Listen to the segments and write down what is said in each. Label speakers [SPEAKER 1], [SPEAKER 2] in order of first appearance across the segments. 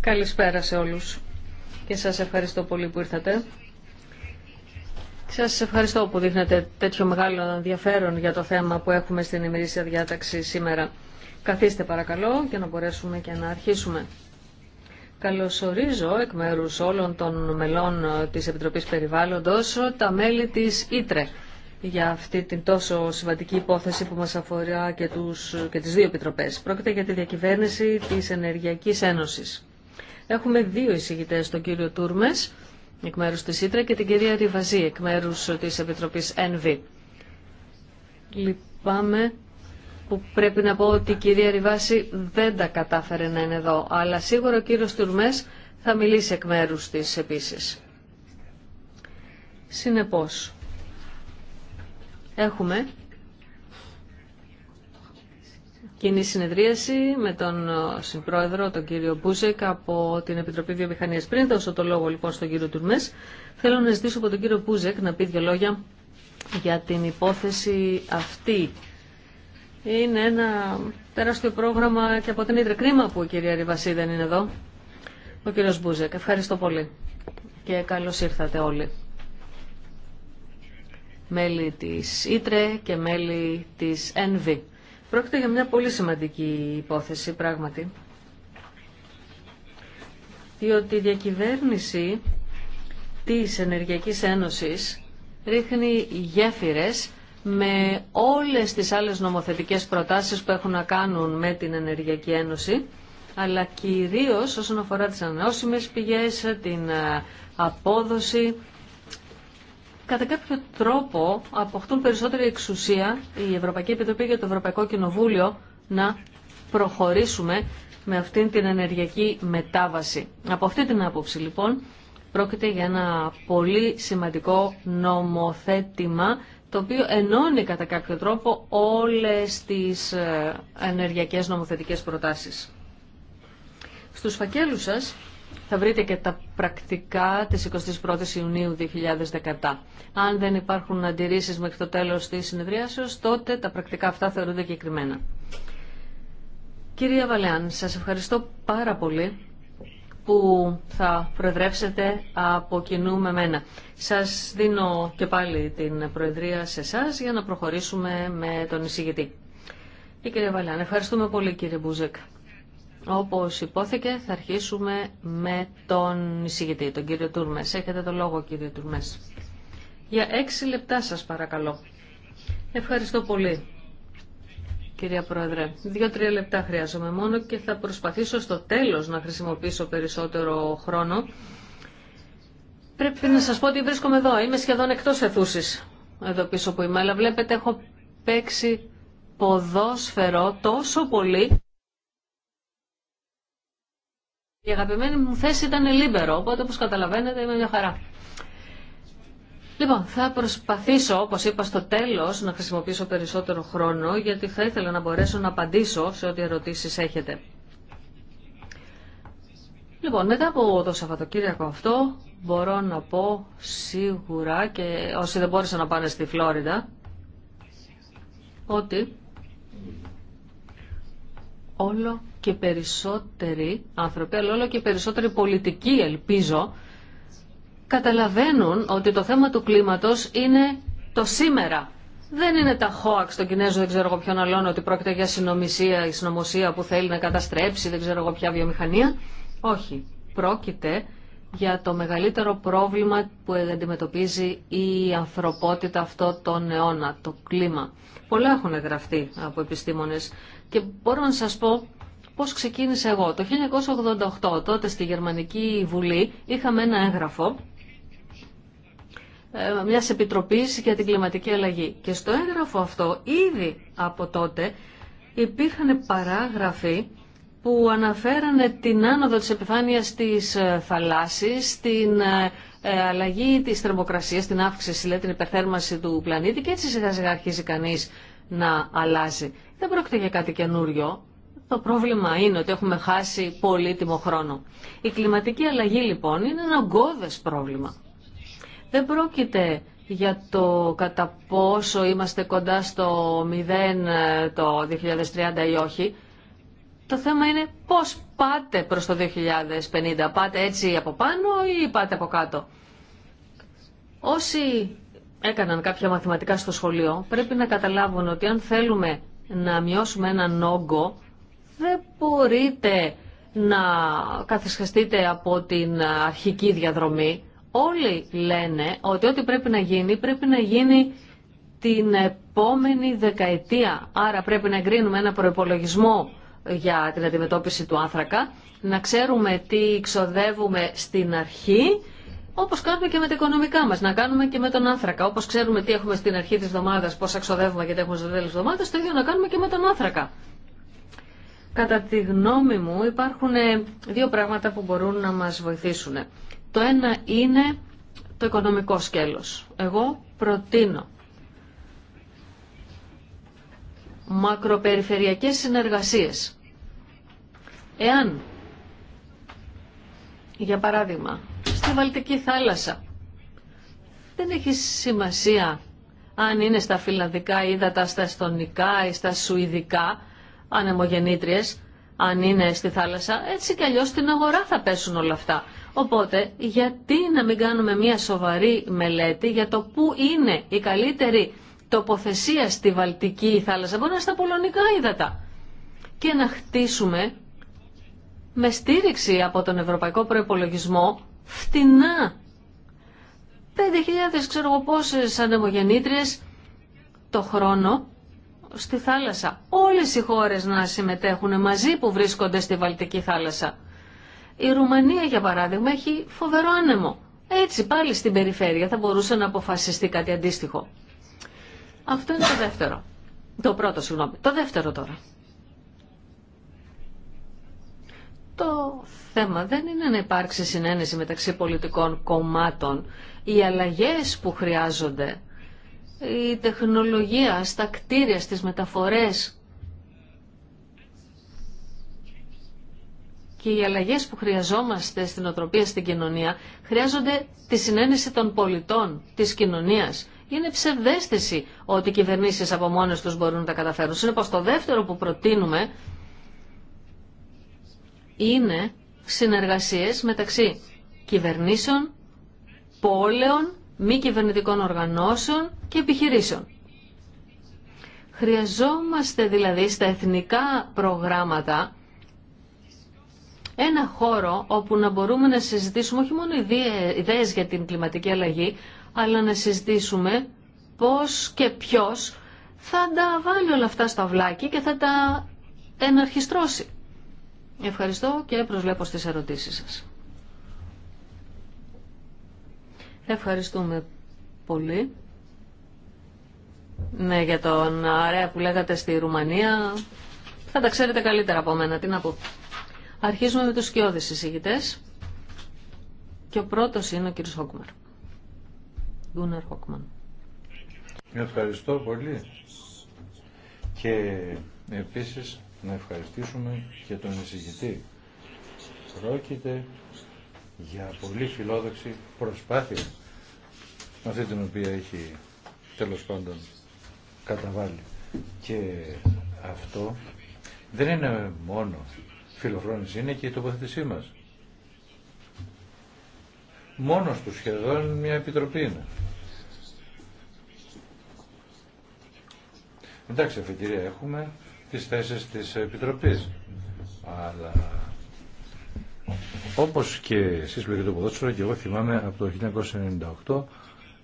[SPEAKER 1] Καλησπέρα σε όλους και σας ευχαριστώ πολύ που ήρθατε. Σας ευχαριστώ που δείχνετε τέτοιο μεγάλο ενδιαφέρον για το θέμα που έχουμε στην ημερήσια διάταξη σήμερα. Καθίστε παρακαλώ για να μπορέσουμε και να αρχίσουμε. Καλωσορίζω εκ μέρους όλων των μελών της Επιτροπής Περιβάλλοντος τα μέλη της ΙΤΡΕ για αυτή την τόσο σημαντική υπόθεση που μας αφορά και, τους, και τις δύο επιτροπές. Πρόκειται για τη διακυβέρνηση της Ενεργειακής Ένωσης. Έχουμε δύο εισηγητές, τον κύριο Τούρμες, εκ μέρους της Ήτρα και την κυρία Ριβαζή, εκ μέρους της Επιτροπής ΕΝΒΗ. Λυπάμαι που πρέπει να πω ότι η κυρία Ριβάση δεν τα κατάφερε να είναι εδώ, αλλά σίγουρα ο κύριος Τουρμές θα μιλήσει εκ μέρους της επίσης. Συνεπώς, Έχουμε κοινή συνεδρίαση με τον ε, συμπρόεδρο, τον κύριο Μπούζεκ, από την Επιτροπή Βιομηχανίας. Πριν δώσω το λόγο λοιπόν στον κύριο Τουρμές, θέλω να ζητήσω από τον κύριο Μπούζεκ να πει δύο λόγια για την υπόθεση αυτή. Είναι ένα τεράστιο πρόγραμμα και από την ίδια κρίμα που η κυρία Ριβασί δεν είναι εδώ. Ο κύριος Μπούζεκ, ευχαριστώ πολύ και καλώς ήρθατε όλοι μέλη της Ήτρε και μέλη της ΕΝΒΗ. Πρόκειται για μια πολύ σημαντική υπόθεση πράγματι. Διότι η διακυβέρνηση της Ενεργειακής Ένωσης ρίχνει γέφυρες με όλες τις άλλες νομοθετικές προτάσεις που έχουν να κάνουν με την Ενεργειακή Ένωση, αλλά κυρίως όσον αφορά τις ανανεώσιμες πηγές, την ε, απόδοση κατά κάποιο τρόπο αποκτούν περισσότερη εξουσία η Ευρωπαϊκή Επιτροπή και το Ευρωπαϊκό Κοινοβούλιο να προχωρήσουμε με αυτήν την ενεργειακή μετάβαση. Από αυτή την άποψη λοιπόν πρόκειται για ένα πολύ σημαντικό νομοθέτημα το οποίο ενώνει κατά κάποιο τρόπο όλες τις ε, ενεργειακές νομοθετικές προτάσεις. Στους φακέλους σας θα βρείτε και τα πρακτικά της 21ης Ιουνίου 2017. Αν δεν υπάρχουν αντιρρήσεις μέχρι το τέλος της συνεδρίασης, τότε τα πρακτικά αυτά θεωρούνται κεκριμένα. Κυρία Βαλεάν, σας ευχαριστώ πάρα πολύ που θα προεδρεύσετε από κοινού με μένα. Σας δίνω και πάλι την προεδρία σε εσά για να προχωρήσουμε με τον εισηγητή. Και κυρία Βαλιάν, ευχαριστούμε πολύ κύριε Μπούζεκ. Όπως υπόθηκε θα αρχίσουμε με τον εισηγητή, τον κύριο Τουρμές. Έχετε το λόγο κύριε Τουρμές. Για έξι λεπτά σας παρακαλώ. Ευχαριστώ πολύ. Κυρία Πρόεδρε, δύο-τρία λεπτά χρειάζομαι μόνο και θα προσπαθήσω στο τέλος να χρησιμοποιήσω περισσότερο χρόνο. Πρέπει να σας πω ότι βρίσκομαι εδώ. Είμαι σχεδόν εκτός αιθούσης εδώ πίσω που είμαι, αλλά βλέπετε έχω παίξει ποδόσφαιρο τόσο πολύ η αγαπημένη μου θέση ήταν λίμπερο, οπότε όπως καταλαβαίνετε είμαι μια χαρά. Λοιπόν, θα προσπαθήσω, όπως είπα στο τέλος, να χρησιμοποιήσω περισσότερο χρόνο, γιατί θα ήθελα να μπορέσω να απαντήσω σε ό,τι ερωτήσεις έχετε. Λοιπόν, μετά από το Σαββατοκύριακο αυτό, μπορώ να πω σίγουρα και όσοι δεν μπόρεσαν να πάνε στη Φλόριντα, ότι όλο και περισσότεροι άνθρωποι, αλλά όλο και περισσότεροι πολιτικοί ελπίζω, καταλαβαίνουν ότι το θέμα του κλίματος είναι το σήμερα. Δεν είναι τα χώαξ των Κινέζων, δεν ξέρω εγώ ποιον άλλον, ότι πρόκειται για συνομισία ή συνομωσία που θέλει να καταστρέψει, δεν ξέρω εγώ ποια βιομηχανία. Όχι. Πρόκειται για το μεγαλύτερο πρόβλημα που αντιμετωπίζει η ανθρωπότητα αυτό τον αιώνα, το κλίμα. Πολλά έχουν γραφτεί από επιστήμονες. Και μπορώ να σας πω πώς ξεκίνησα εγώ. Το 1988 τότε στη Γερμανική Βουλή είχαμε ένα έγγραφο ε, μια επιτροπής για την κλιματική αλλαγή. Και στο έγγραφο αυτό ήδη από τότε υπήρχαν παράγραφοι που αναφέρανε την άνοδο της επιφάνειας της ε, θαλάσσης, την ε, αλλαγή της θερμοκρασίας, την αύξηση, λέει, την υπερθέρμανση του πλανήτη και έτσι σιγά σιγά αρχίζει κανείς να αλλάζει. Δεν πρόκειται για κάτι καινούριο. Το πρόβλημα είναι ότι έχουμε χάσει πολύτιμο χρόνο. Η κλιματική αλλαγή λοιπόν είναι ένα γκώδες πρόβλημα. Δεν πρόκειται για το κατά πόσο είμαστε κοντά στο 0 το 2030 ή όχι. Το θέμα είναι πώς πάτε προς το 2050. Πάτε έτσι από πάνω ή πάτε από κάτω. Όσοι έκαναν κάποια μαθηματικά στο σχολείο, πρέπει να καταλάβουν ότι αν θέλουμε να μειώσουμε έναν όγκο, δεν μπορείτε να καθισχαστείτε από την αρχική διαδρομή. Όλοι λένε ότι ό,τι πρέπει να γίνει, πρέπει να γίνει την επόμενη δεκαετία. Άρα πρέπει να εγκρίνουμε ένα προπολογισμό για την αντιμετώπιση του άνθρακα, να ξέρουμε τι ξοδεύουμε στην αρχή όπως κάνουμε και με τα οικονομικά μας, να κάνουμε και με τον άνθρακα. Όπως ξέρουμε τι έχουμε στην αρχή της εβδομάδα, πώς αξοδεύουμε και τι έχουμε στο τέλο το ίδιο να κάνουμε και με τον άνθρακα. Κατά τη γνώμη μου υπάρχουν ε, δύο πράγματα που μπορούν να μας βοηθήσουν. Το ένα είναι το οικονομικό σκέλος. Εγώ προτείνω μακροπεριφερειακές συνεργασίες. Εάν, για παράδειγμα, στη Βαλτική θάλασσα. Δεν έχει σημασία αν είναι στα φιλανδικά ύδατα, στα εστονικά ή στα σουηδικά ανεμογεννήτριες, αν είναι στη θάλασσα, έτσι κι αλλιώς στην αγορά θα πέσουν όλα αυτά. Οπότε, γιατί να μην κάνουμε μια σοβαρή μελέτη για το πού είναι η καλύτερη τοποθεσία στη Βαλτική θάλασσα, μπορεί να είναι στα πολωνικά ύδατα, και να χτίσουμε με στήριξη από τον Ευρωπαϊκό Προϋπολογισμό φτηνά. 5.000 ξέρω εγώ πόσες ανεμογεννήτριες το χρόνο στη θάλασσα. Όλες οι χώρες να συμμετέχουν μαζί που βρίσκονται στη Βαλτική θάλασσα. Η Ρουμανία για παράδειγμα έχει φοβερό άνεμο. Έτσι πάλι στην περιφέρεια θα μπορούσε να αποφασιστεί κάτι αντίστοιχο. Αυτό είναι το δεύτερο. Το πρώτο, συγγνώμη. Το δεύτερο τώρα. Το θέμα δεν είναι να υπάρξει συνένεση μεταξύ πολιτικών κομμάτων. Οι αλλαγές που χρειάζονται, η τεχνολογία στα κτίρια, στις μεταφορές και οι αλλαγές που χρειαζόμαστε στην οτροπία στην κοινωνία χρειάζονται τη συνένεση των πολιτών, της κοινωνίας. Είναι ψευδέστηση ότι οι κυβερνήσεις από μόνες τους μπορούν να τα καταφέρουν. Συνεπώς το δεύτερο που προτείνουμε είναι συνεργασίες μεταξύ κυβερνήσεων, πόλεων, μη κυβερνητικών οργανώσεων και επιχειρήσεων. Χρειαζόμαστε δηλαδή στα εθνικά προγράμματα ένα χώρο όπου να μπορούμε να συζητήσουμε όχι μόνο ιδέες για την κλιματική αλλαγή, αλλά να συζητήσουμε πώς και ποιος θα τα βάλει όλα αυτά στο αυλάκι και θα τα εναρχιστρώσει. Ευχαριστώ και προσβλέπω στις ερωτήσεις σας. Ευχαριστούμε πολύ. Ναι, για τον αρέα που λέγατε στη Ρουμανία, θα τα ξέρετε καλύτερα από μένα, τι να πω. Αρχίζουμε με τους σκιώδεις συζήτητες και ο πρώτος είναι ο κύριος Χόκμαρ. Γουνέρ Χόκμαν.
[SPEAKER 2] Ευχαριστώ πολύ και επίσης να ευχαριστήσουμε και τον εισηγητή. Πρόκειται για πολύ φιλόδοξη προσπάθεια αυτή την οποία έχει τέλος πάντων καταβάλει. Και αυτό δεν είναι μόνο φιλοφρόνηση, είναι και η τοποθετησή μας. Μόνος του σχεδόν μια επιτροπή είναι. Εντάξει, αφετηρία έχουμε, τις θέσεις της Επιτροπής. Αλλά όπως και εσείς που το ποδόσφαιρο και εγώ θυμάμαι από το 1998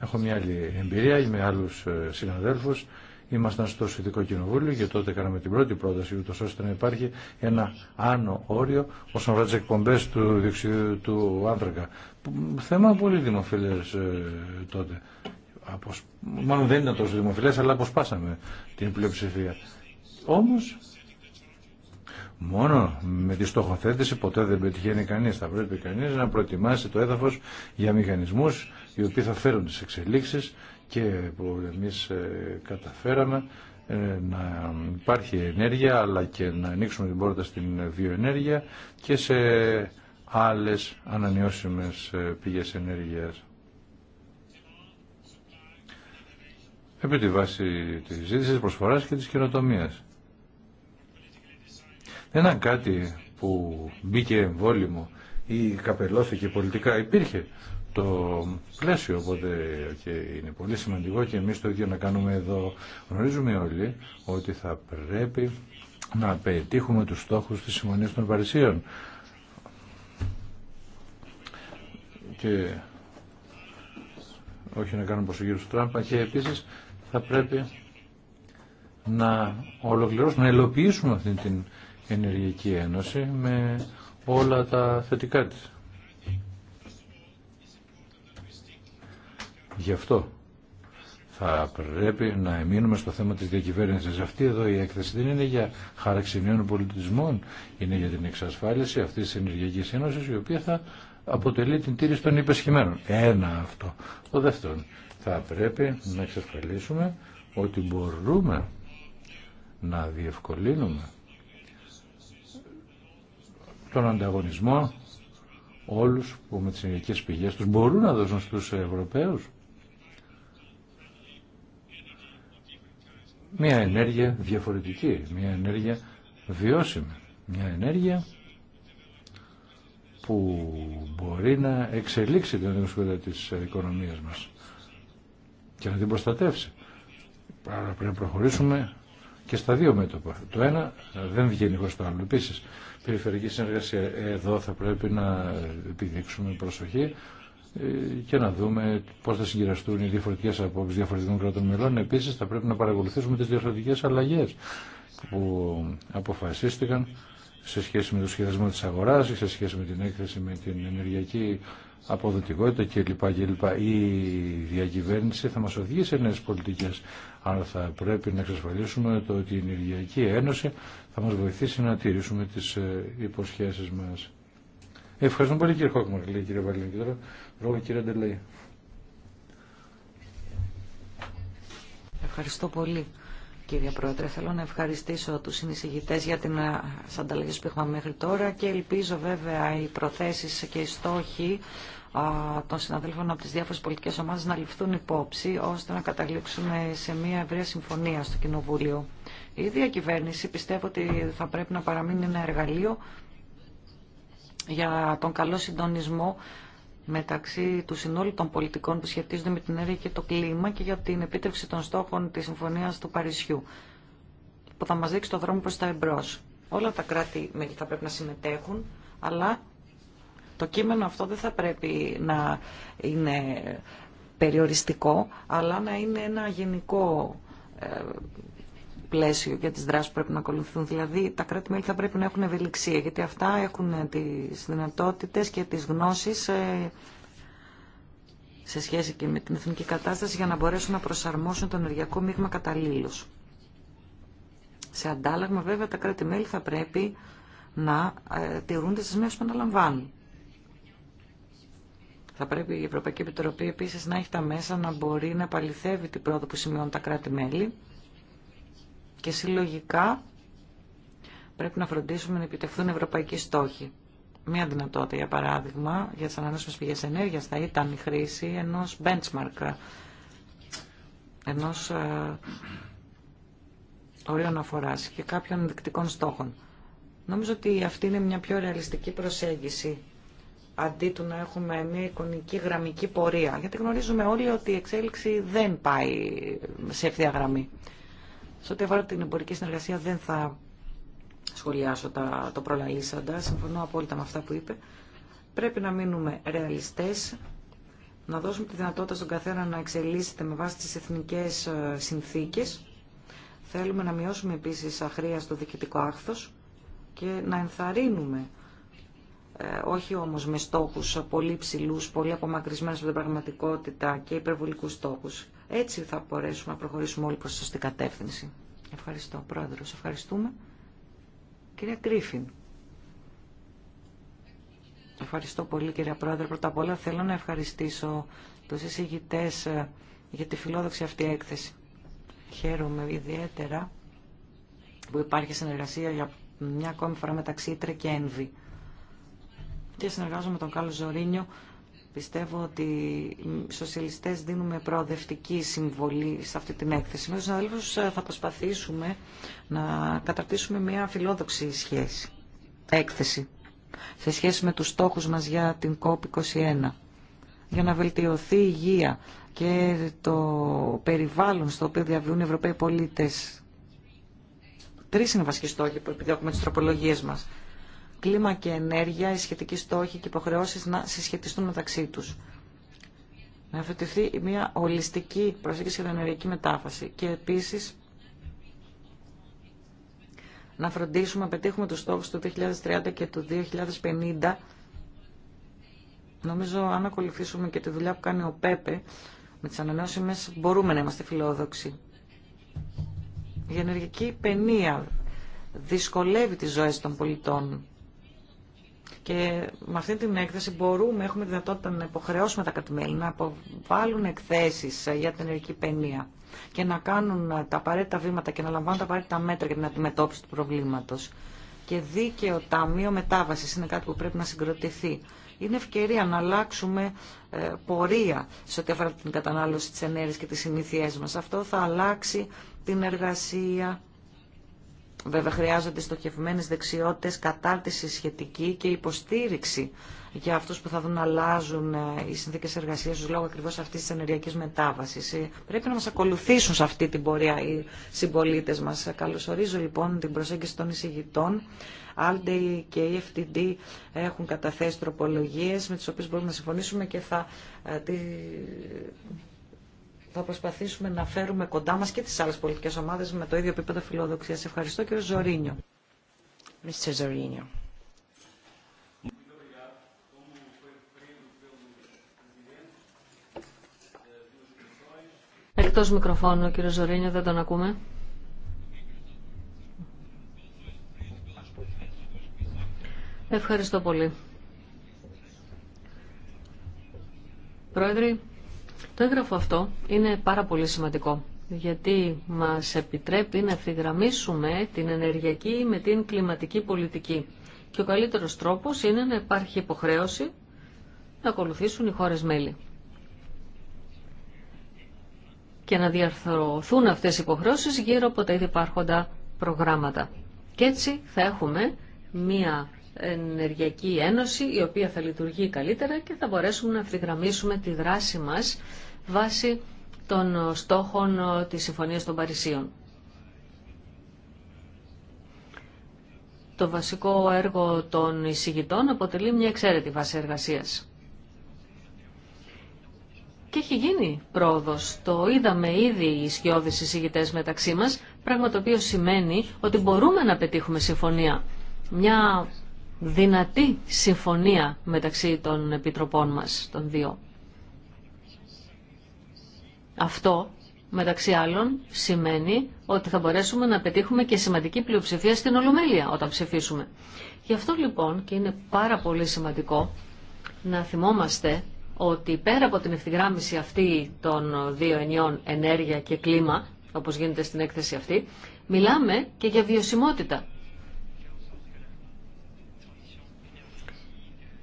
[SPEAKER 2] έχω μια άλλη εμπειρία με άλλους ε, συναδέλφους Ήμασταν στο Συνδικό Κοινοβούλιο και τότε κάναμε την πρώτη πρόταση, ούτω ώστε να υπάρχει ένα άνω όριο όσον αφορά τι εκπομπέ του διοξιδίου του άνθρακα. Θέμα πολύ δημοφιλέ ε, τότε. Μάλλον δεν ήταν τόσο δημοφιλέ, αλλά αποσπάσαμε την πλειοψηφία. Όμως, μόνο με τη στοχοθέτηση ποτέ δεν πετυχαίνει κανείς. Θα πρέπει κανείς να προετοιμάσει το έδαφος για μηχανισμούς οι οποίοι θα φέρουν τις εξελίξεις και που εμείς ε, καταφέραμε ε, να υπάρχει ενέργεια αλλά και να ανοίξουμε την πόρτα στην βιοενέργεια και σε άλλες ανανεώσιμες ε, πηγές ενέργειας. Επί τη βάση της ζήτησης προσφοράς και της καινοτομίας. Ένα κάτι που μπήκε εμβόλυμο ή καπελώθηκε πολιτικά. Υπήρχε το πλαίσιο, οπότε και είναι πολύ σημαντικό και εμείς το ίδιο να κάνουμε εδώ. Γνωρίζουμε όλοι ότι θα πρέπει να πετύχουμε τους στόχους της Συμφωνίας των Παρισίων. Και όχι να κάνουμε προσεγγίρους του Τράμπα και επίσης θα πρέπει να ολοκληρώσουμε, να ελοποιήσουμε αυτή την Ενεργειακή Ένωση με όλα τα θετικά της. Γι' αυτό θα πρέπει να εμείνουμε στο θέμα της διακυβέρνησης. Αυτή εδώ η έκθεση δεν είναι για χάραξη πολιτισμών, είναι για την εξασφάλιση αυτής της Ενεργειακής Ένωσης, η οποία θα αποτελεί την τήρηση των υπεσχημένων. Ένα αυτό. Το δεύτερο, θα πρέπει να εξασφαλίσουμε ότι μπορούμε να διευκολύνουμε τον ανταγωνισμό όλους που με τις ενεργικές πηγές τους μπορούν να δώσουν στους Ευρωπαίους μια ενέργεια διαφορετική, μια ενέργεια βιώσιμη, μια ενέργεια που μπορεί να εξελίξει την δημοσιογραφία της οικονομίας μας και να την προστατεύσει. Άρα πρέπει να προχωρήσουμε και στα δύο μέτωπα. Το ένα δεν βγαίνει προς το άλλο. Επίσης, περιφερειακή συνεργασία εδώ θα πρέπει να επιδείξουμε προσοχή ε, και να δούμε πώ θα συγκυραστούν οι διαφορετικέ απόψει διαφορετικών κρατών μελών. Επίση, θα πρέπει να παρακολουθήσουμε τι διαφορετικέ αλλαγέ που αποφασίστηκαν σε σχέση με το σχεδιασμό τη αγορά, σε σχέση με την έκθεση, με την ενεργειακή αποδοτικότητα κλπ. Η διακυβέρνηση θα μας οδηγεί σε νέες πολιτικές, αλλά θα πρέπει να εξασφαλίσουμε το ότι η Ενεργειακή Ένωση θα μας βοηθήσει να τηρήσουμε τις ε, υποσχέσεις μας. Ευχαριστούμε πολύ κύριε Χόκμαρ, κύριε Βαλήν, τώρα κύριε
[SPEAKER 3] Ευχαριστώ πολύ κύριε Πρόεδρε. Θέλω να ευχαριστήσω τους συνεισηγητές για την ε, ανταλλαγή που είχαμε μέχρι τώρα και ελπίζω βέβαια οι προθέσεις και οι στόχοι των συναδέλφων από τις διάφορες πολιτικές ομάδες να ληφθούν υπόψη ώστε να καταλήξουμε σε μια ευρεία συμφωνία στο Κοινοβούλιο. Η ίδια κυβέρνηση πιστεύω ότι θα πρέπει να παραμείνει ένα εργαλείο για τον καλό συντονισμό μεταξύ του συνόλου των πολιτικών που σχετίζονται με την έρευνα και το κλίμα και για την επίτευξη των στόχων της Συμφωνίας του Παρισιού, που θα μας δείξει το δρόμο προς τα εμπρός. Όλα τα κρατη θα πρέπει να συμμετέχουν, αλλά το κείμενο αυτό δεν θα πρέπει να είναι περιοριστικό, αλλά να είναι ένα γενικό ε, πλαίσιο για τις δράσεις που πρέπει να ακολουθούν. Δηλαδή τα κράτη-μέλη θα πρέπει να έχουν ευελιξία, γιατί αυτά έχουν τις δυνατότητες και τις γνώσεις ε, σε σχέση και με την εθνική κατάσταση για να μπορέσουν να προσαρμόσουν το ενεργειακό μείγμα καταλήλως. Σε αντάλλαγμα βέβαια τα κράτη-μέλη θα πρέπει να ε, τηρούν τις δεσμεύσεις που αναλαμβάνουν. Θα πρέπει η Ευρωπαϊκή Επιτροπή επίσης να έχει τα μέσα να μπορεί να επαληθεύει την πρόοδο που σημειώνουν τα κράτη-μέλη και συλλογικά πρέπει να φροντίσουμε να επιτευχθούν ευρωπαϊκοί στόχοι. Μία δυνατότητα, για παράδειγμα, για τι ανανεώσιμε πηγέ ενέργεια. θα ήταν η χρήση ενός benchmark, ενό ε, ορίων αφοράς και κάποιων ενδεικτικών στόχων. Νομίζω ότι αυτή είναι μια πιο ρεαλιστική προσέγγιση αντί του να έχουμε μια εικονική γραμμική πορεία. Γιατί γνωρίζουμε όλοι ότι η εξέλιξη δεν πάει σε ευθεία γραμμή. Σε ό,τι αφορά την εμπορική συνεργασία δεν θα σχολιάσω τα, το προλαλήσαντα. Συμφωνώ απόλυτα με αυτά που είπε. Πρέπει να μείνουμε ρεαλιστέ, να δώσουμε τη δυνατότητα στον καθένα να εξελίσσεται με βάση τι εθνικές ε, συνθήκες. Θέλουμε να μειώσουμε επίσης αχρία στο διοικητικό άχθο και να ενθαρρύνουμε ε, όχι όμως με στόχου, πολύ ψηλού, πολύ απομακρυσμένου από την πραγματικότητα και υπερβολικούς στόχου. Έτσι θα μπορέσουμε να προχωρήσουμε όλοι προς τη σωστή κατεύθυνση. Ευχαριστώ, Πρόεδρος. Ευχαριστούμε. Κυρία Γκρίφιν. Ευχαριστώ πολύ, κυρία Πρόεδρε. Πρώτα απ' όλα θέλω να ευχαριστήσω τους εισηγητές ε, για τη φιλόδοξη αυτή έκθεση. Χαίρομαι ιδιαίτερα που υπάρχει συνεργασία για μια ακόμη φορά μεταξύ Ήτρε και Ένβη. Και συνεργάζομαι με τον Κάλλο Ζωρίνιο Πιστεύω ότι οι σοσιαλιστές δίνουμε προοδευτική συμβολή σε αυτή την έκθεση. Με τους αδέλφους θα προσπαθήσουμε να καταρτήσουμε μια φιλόδοξη σχέση, έκθεση, σε σχέση με τους στόχους μας για την COP21, για να βελτιωθεί η υγεία και το περιβάλλον στο οποίο διαβιούν οι Ευρωπαίοι πολίτες. Τρεις είναι βασικοί στόχοι που επιδιώκουμε τις τροπολογίες μας κλίμα και ενέργεια, οι σχετικοί στόχοι και υποχρεώσει να συσχετιστούν μεταξύ του. Να αφαιτηθεί μια ολιστική προσέγγιση για την ενεργειακή μετάφαση και επίση να φροντίσουμε να πετύχουμε τους στόχους του 2030 και του 2050. Νομίζω αν ακολουθήσουμε και τη δουλειά που κάνει ο ΠΕΠΕ με τις ανανεώσιμες μπορούμε να είμαστε φιλόδοξοι. Η ενεργειακή παινία δυσκολεύει τις ζωές των πολιτών. Και με αυτή την έκθεση μπορούμε, έχουμε δυνατότητα να υποχρεώσουμε τα κατημέλη να αποβάλουν εκθέσει για την ενεργική παινία και να κάνουν τα απαραίτητα βήματα και να λαμβάνουν τα απαραίτητα μέτρα για την αντιμετώπιση του προβλήματος. Και δίκαιο ταμείο μετάβασης είναι κάτι που πρέπει να συγκροτηθεί. Είναι ευκαιρία να αλλάξουμε ε, πορεία σε ό,τι αφορά την κατανάλωση τη ενέργεια και τις συνήθειές μα. Αυτό θα αλλάξει την εργασία Βέβαια χρειάζονται στοχευμένες δεξιότητες, κατάρτιση σχετική και υποστήριξη για αυτούς που θα δουν να αλλάζουν ε, οι συνθήκες εργασίας τους λόγω ακριβώς αυτής της ενεργειακής μετάβασης. Ε, πρέπει να μας ακολουθήσουν σε αυτή την πορεία οι συμπολίτες μας. Ε, καλωσορίζω λοιπόν την προσέγγιση των εισηγητών. Άλντε και η FTD έχουν καταθέσει τροπολογίες με τις οποίες μπορούμε να συμφωνήσουμε και θα θα προσπαθήσουμε να φέρουμε κοντά μας και τις άλλες πολιτικές ομάδες με το ίδιο επίπεδο φιλοδοξίας. Ευχαριστώ κύριο Ζωρίνιο. Mr. Zorinio.
[SPEAKER 1] Εκτός μικροφώνου, κύριο Ζωρίνιο, δεν τον ακούμε. Ευχαριστώ πολύ. Πρόεδρε, το έγγραφο αυτό είναι πάρα πολύ σημαντικό γιατί μας επιτρέπει να ευθυγραμμίσουμε την ενεργειακή με την κλιματική πολιτική. Και ο καλύτερος τρόπος είναι να υπάρχει υποχρέωση να ακολουθήσουν οι χώρες μέλη. Και να διαρθρωθούν αυτές οι υποχρεώσεις γύρω από τα ήδη υπάρχοντα προγράμματα. Και έτσι θα έχουμε μία Ενεργειακή Ένωση, η οποία θα λειτουργεί καλύτερα και θα μπορέσουμε να ευθυγραμμίσουμε τη δράση μας βάσει των στόχων ε, της Συμφωνίας των Παρισίων. Το βασικό έργο των εισηγητών αποτελεί μια εξαίρετη βάση εργασίας. Και έχει γίνει πρόοδο. Το είδαμε ήδη οι σκιώδεις εισηγητές μεταξύ μας, πράγμα το οποίο σημαίνει ότι μπορούμε να πετύχουμε συμφωνία. Μια δυνατή συμφωνία μεταξύ των επιτροπών μας, των δύο. Αυτό, μεταξύ άλλων, σημαίνει ότι θα μπορέσουμε να πετύχουμε και σημαντική πλειοψηφία στην Ολομέλεια όταν ψηφίσουμε. Γι' αυτό λοιπόν και είναι πάρα πολύ σημαντικό να θυμόμαστε ότι πέρα από την ευθυγράμμιση αυτή των δύο ενιών ενέργεια και κλίμα, όπως γίνεται στην έκθεση αυτή, μιλάμε και για βιωσιμότητα.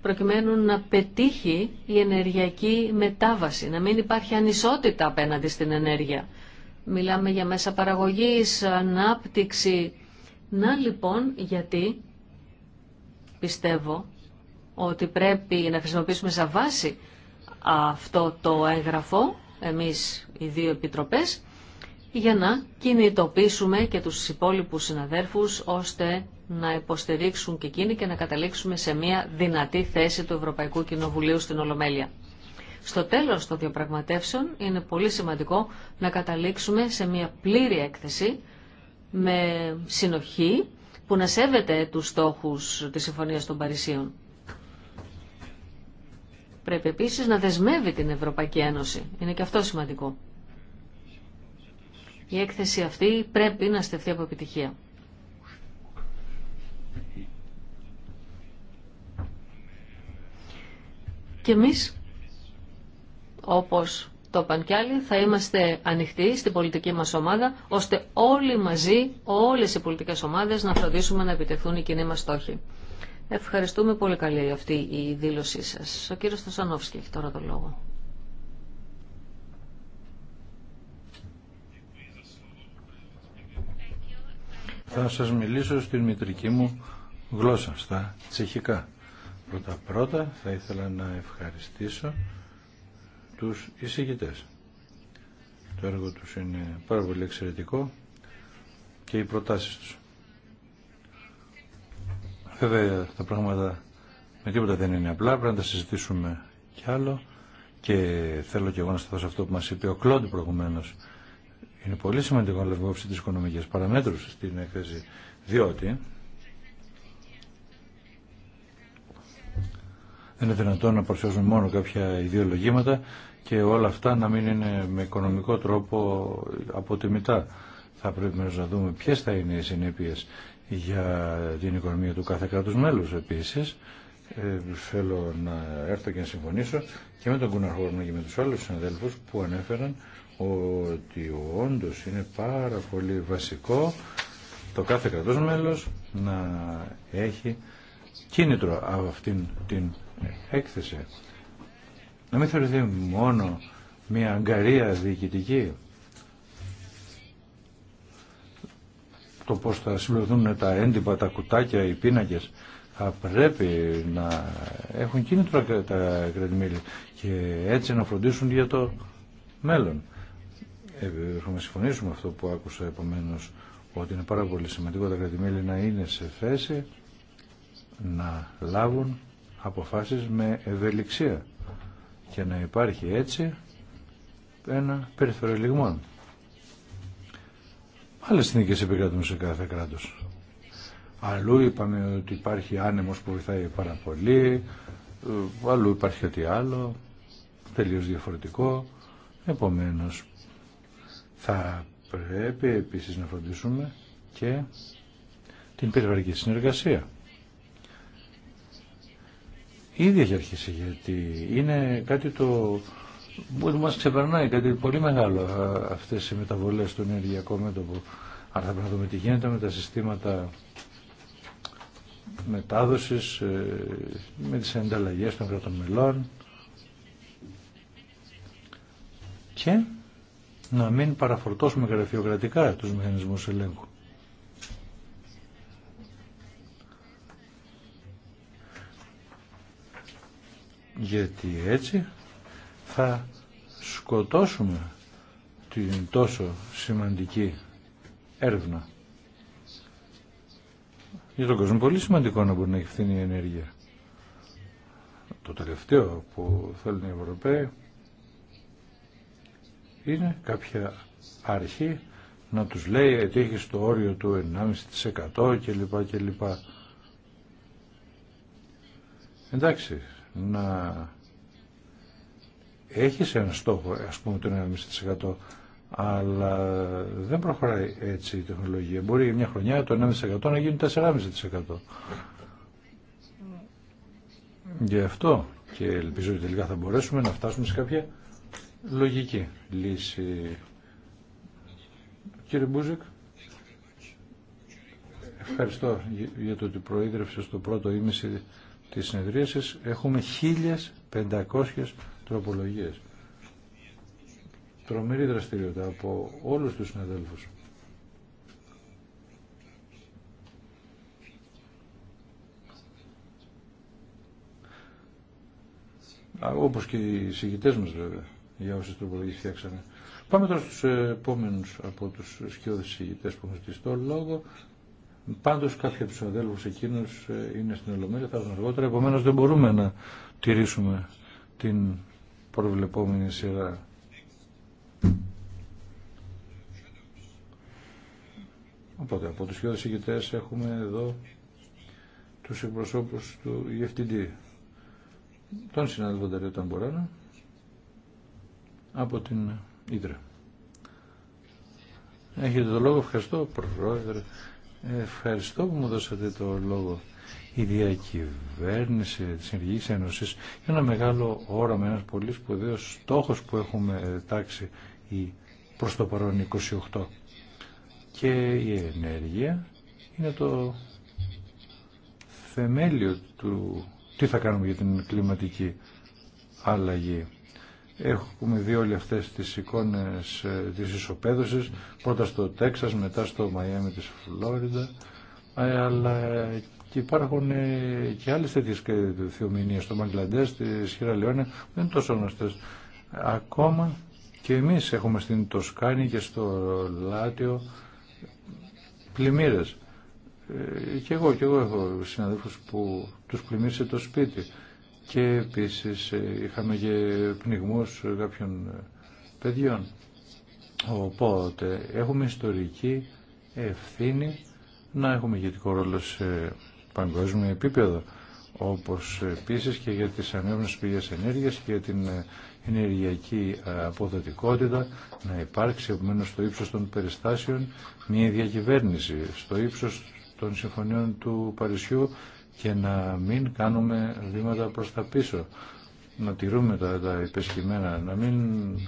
[SPEAKER 1] προκειμένου να πετύχει η ενεργειακή μετάβαση, να μην υπάρχει ανισότητα απέναντι στην ενέργεια. Μιλάμε για μέσα παραγωγής, ανάπτυξη. Να λοιπόν γιατί πιστεύω ότι πρέπει να χρησιμοποιήσουμε σαν βάση αυτό το έγγραφο, εμείς οι δύο επιτροπές, για να κινητοποιήσουμε και τους υπόλοιπους συναδέρφους ώστε να υποστηρίξουν και εκείνοι και να καταλήξουμε σε μια δυνατή θέση του Ευρωπαϊκού Κοινοβουλίου στην Ολομέλεια. Στο τέλος των διαπραγματεύσεων είναι πολύ σημαντικό να καταλήξουμε σε μια πλήρη έκθεση με συνοχή που να σέβεται τους στόχους της Συμφωνίας των Παρισίων. Πρέπει επίσης να δεσμεύει την Ευρωπαϊκή Ένωση. Είναι και αυτό σημαντικό. Η έκθεση αυτή πρέπει να στεφθεί από επιτυχία. Και εμείς, όπως το είπαν θα είμαστε ανοιχτοί στην πολιτική μας ομάδα, ώστε όλοι μαζί, όλες οι πολιτικές ομάδες, να φροντίσουμε να επιτεθούν οι κοινοί μας στόχοι. Ευχαριστούμε πολύ καλή αυτή η δήλωσή σας. Ο κύριος Στοσανόφσκι έχει τώρα το λόγο.
[SPEAKER 2] Θα σας μιλήσω στην μητρική μου γλώσσα, στα τσεχικά. Πρώτα πρώτα θα ήθελα να ευχαριστήσω τους εισηγητές. Το έργο τους είναι πάρα πολύ εξαιρετικό και οι προτάσεις τους. Βέβαια τα πράγματα με τίποτα δεν είναι απλά, πρέπει να τα συζητήσουμε κι άλλο και θέλω κι εγώ να σταθώ σε αυτό που μας είπε ο Κλόντ προηγουμένως είναι πολύ σημαντικό να λάβουμε υπόψη τι οικονομικέ παραμέτρου στην έκθεση, διότι δεν είναι δυνατόν να παρουσιάζουμε μόνο κάποια ιδεολογήματα και όλα αυτά να μην είναι με οικονομικό τρόπο αποτιμητά. Θα πρέπει να δούμε ποιε θα είναι οι συνέπειε για την οικονομία του κάθε κράτου μέλου επίση. Ε, θέλω να έρθω και να συμφωνήσω και με τον Κουναρχόρμα και με τους άλλους συναδέλφους που ανέφεραν ότι όντως είναι πάρα πολύ βασικό το κάθε κρατός μέλος να έχει κίνητρο από αυτήν την έκθεση. Να μην θεωρηθεί μόνο μια αγκαρία διοικητική το πώς θα συμπληρωθούν τα έντυπα, τα κουτάκια, οι πίνακες θα πρέπει να έχουν κίνητρο τα κρατημέλη και έτσι να φροντίσουν για το μέλλον έχουμε συμφωνήσουμε αυτό που άκουσα επομένω ότι είναι πάρα πολύ σημαντικό τα κρατημέλη να είναι σε θέση να λάβουν αποφάσεις με ευελιξία και να υπάρχει έτσι ένα περιθώριο Άλλες συνθήκες επικρατούν σε κάθε κράτος. Αλλού είπαμε ότι υπάρχει άνεμος που βοηθάει πάρα πολύ, ε, αλλού υπάρχει κάτι άλλο, τελείως διαφορετικό. Επομένως, θα πρέπει επίσης να φροντίσουμε και την περιβαρική συνεργασία. Ήδη έχει αρχίσει γιατί είναι κάτι το που μας ξεπερνάει, κάτι πολύ μεγάλο αυτές οι μεταβολές στον ενεργειακό μέτωπο. Αλλά θα πρέπει τι γίνεται με τα συστήματα μετάδοσης, ε, με τις ανταλλαγές των κρατών μελών και να μην παραφορτώσουμε γραφειοκρατικά τους μηχανισμούς ελέγχου. Γιατί έτσι θα σκοτώσουμε την τόσο σημαντική έρευνα. Για τον κόσμο πολύ σημαντικό να μπορεί να έχει φθηνή ενέργεια. Το τελευταίο που θέλουν οι Ευρωπαίοι είναι κάποια αρχή να τους λέει ότι έχει το όριο του 1,5% κλπ. κλπ. Εντάξει, να έχεις ένα στόχο, ας πούμε, το 1,5% αλλά δεν προχωράει έτσι η τεχνολογία. Μπορεί για μια χρονιά το 1,5% να γίνει 4,5%. Γι' αυτό και ελπίζω ότι τελικά θα μπορέσουμε να φτάσουμε σε κάποια λογική λύση. Κύριε Μπούζεκ, ευχαριστώ για το ότι προείδρευσε στο πρώτο ήμιση της συνεδρίασης. Έχουμε 1.500 τροπολογίες. Τρομερή δραστηριότητα από όλους τους συναδέλφους. όπως και οι συγκητές μας βέβαια για όσες τροπολογίες φτιάξαμε. Πάμε τώρα στους επόμενους από τους σκιώδες ηγητές που έχουν ζητήσει το λόγο. Πάντως κάποιοι από τους εκείνους ε, είναι στην Ολομέλεια, θα έρθουν αργότερα, επομένως δεν μπορούμε να τηρήσουμε την προβλεπόμενη σειρά. Οπότε από τους σκιώδες ηγητές έχουμε εδώ τους εκπροσώπους του EFTD. Τον συνάδελφο Νταρίο να από την Ήτρα. Έχετε το λόγο, ευχαριστώ Πρόεδρε. Ευχαριστώ που μου δώσατε το λόγο. Η διακυβέρνηση της Ενεργικής Ένωσης είναι ένα μεγάλο όραμα, ένας πολύ σπουδαίος στόχος που έχουμε τάξει η προς το παρόν 28. Και η ενέργεια είναι το θεμέλιο του τι θα κάνουμε για την κλιματική αλλαγή. Έχουμε δει όλες αυτές τις εικόνες ε, της ισοπαίδωσης, πρώτα στο Τέξας, μετά στο Μαϊάμι της Φλόριντα, ε, αλλά ε, και υπάρχουν και άλλες τέτοιες θεομηνίες στο Μαγκλαντές, στη Σχήρα Λεόνια, δεν είναι τόσο γνωστές. Ακόμα και εμείς έχουμε στην Τοσκάνη και στο Λάτιο πλημμύρες. Και εγώ, και εγώ έχω συναδέλφους που τους πλημμύρισε το σπίτι και επίσης ε, είχαμε και πνιγμούς κάποιων ε, παιδιών. Οπότε έχουμε ιστορική ευθύνη να έχουμε ηγετικό ρόλο σε παγκόσμιο επίπεδο όπως επίσης και για τις ανέμενες πηγές ενέργειας και για την ε, ενεργειακή αποδοτικότητα να υπάρξει επομένως στο ύψος των περιστάσεων μια διακυβέρνηση στο ύψος των συμφωνιών του Παρισιού και να μην κάνουμε βήματα προς τα πίσω. Να τηρούμε τα, τα υπεσχημένα, να μην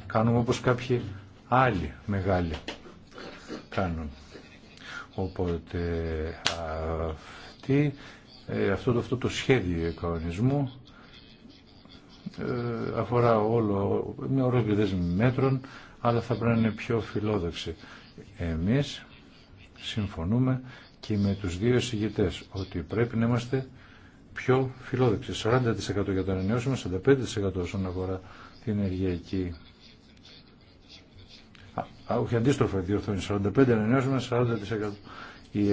[SPEAKER 2] κάνουμε όπως κάποιοι άλλοι μεγάλοι κάνουν. Οπότε αυτή, ε, αυτό, το, αυτό το σχέδιο κανονισμού ε, αφορά όλο, μια ολόκληρη μέτρων, αλλά θα πρέπει να είναι πιο φιλόδοξη. Εμείς συμφωνούμε και με τους δύο εισηγητές ότι πρέπει να είμαστε πιο φιλόδοξοι. 40% για το ανανεώσιμο, 45% όσον αφορά την ενεργειακή. Α, όχι αντίστροφα διορθώνει, 45% ανανεώσιμο, 40% η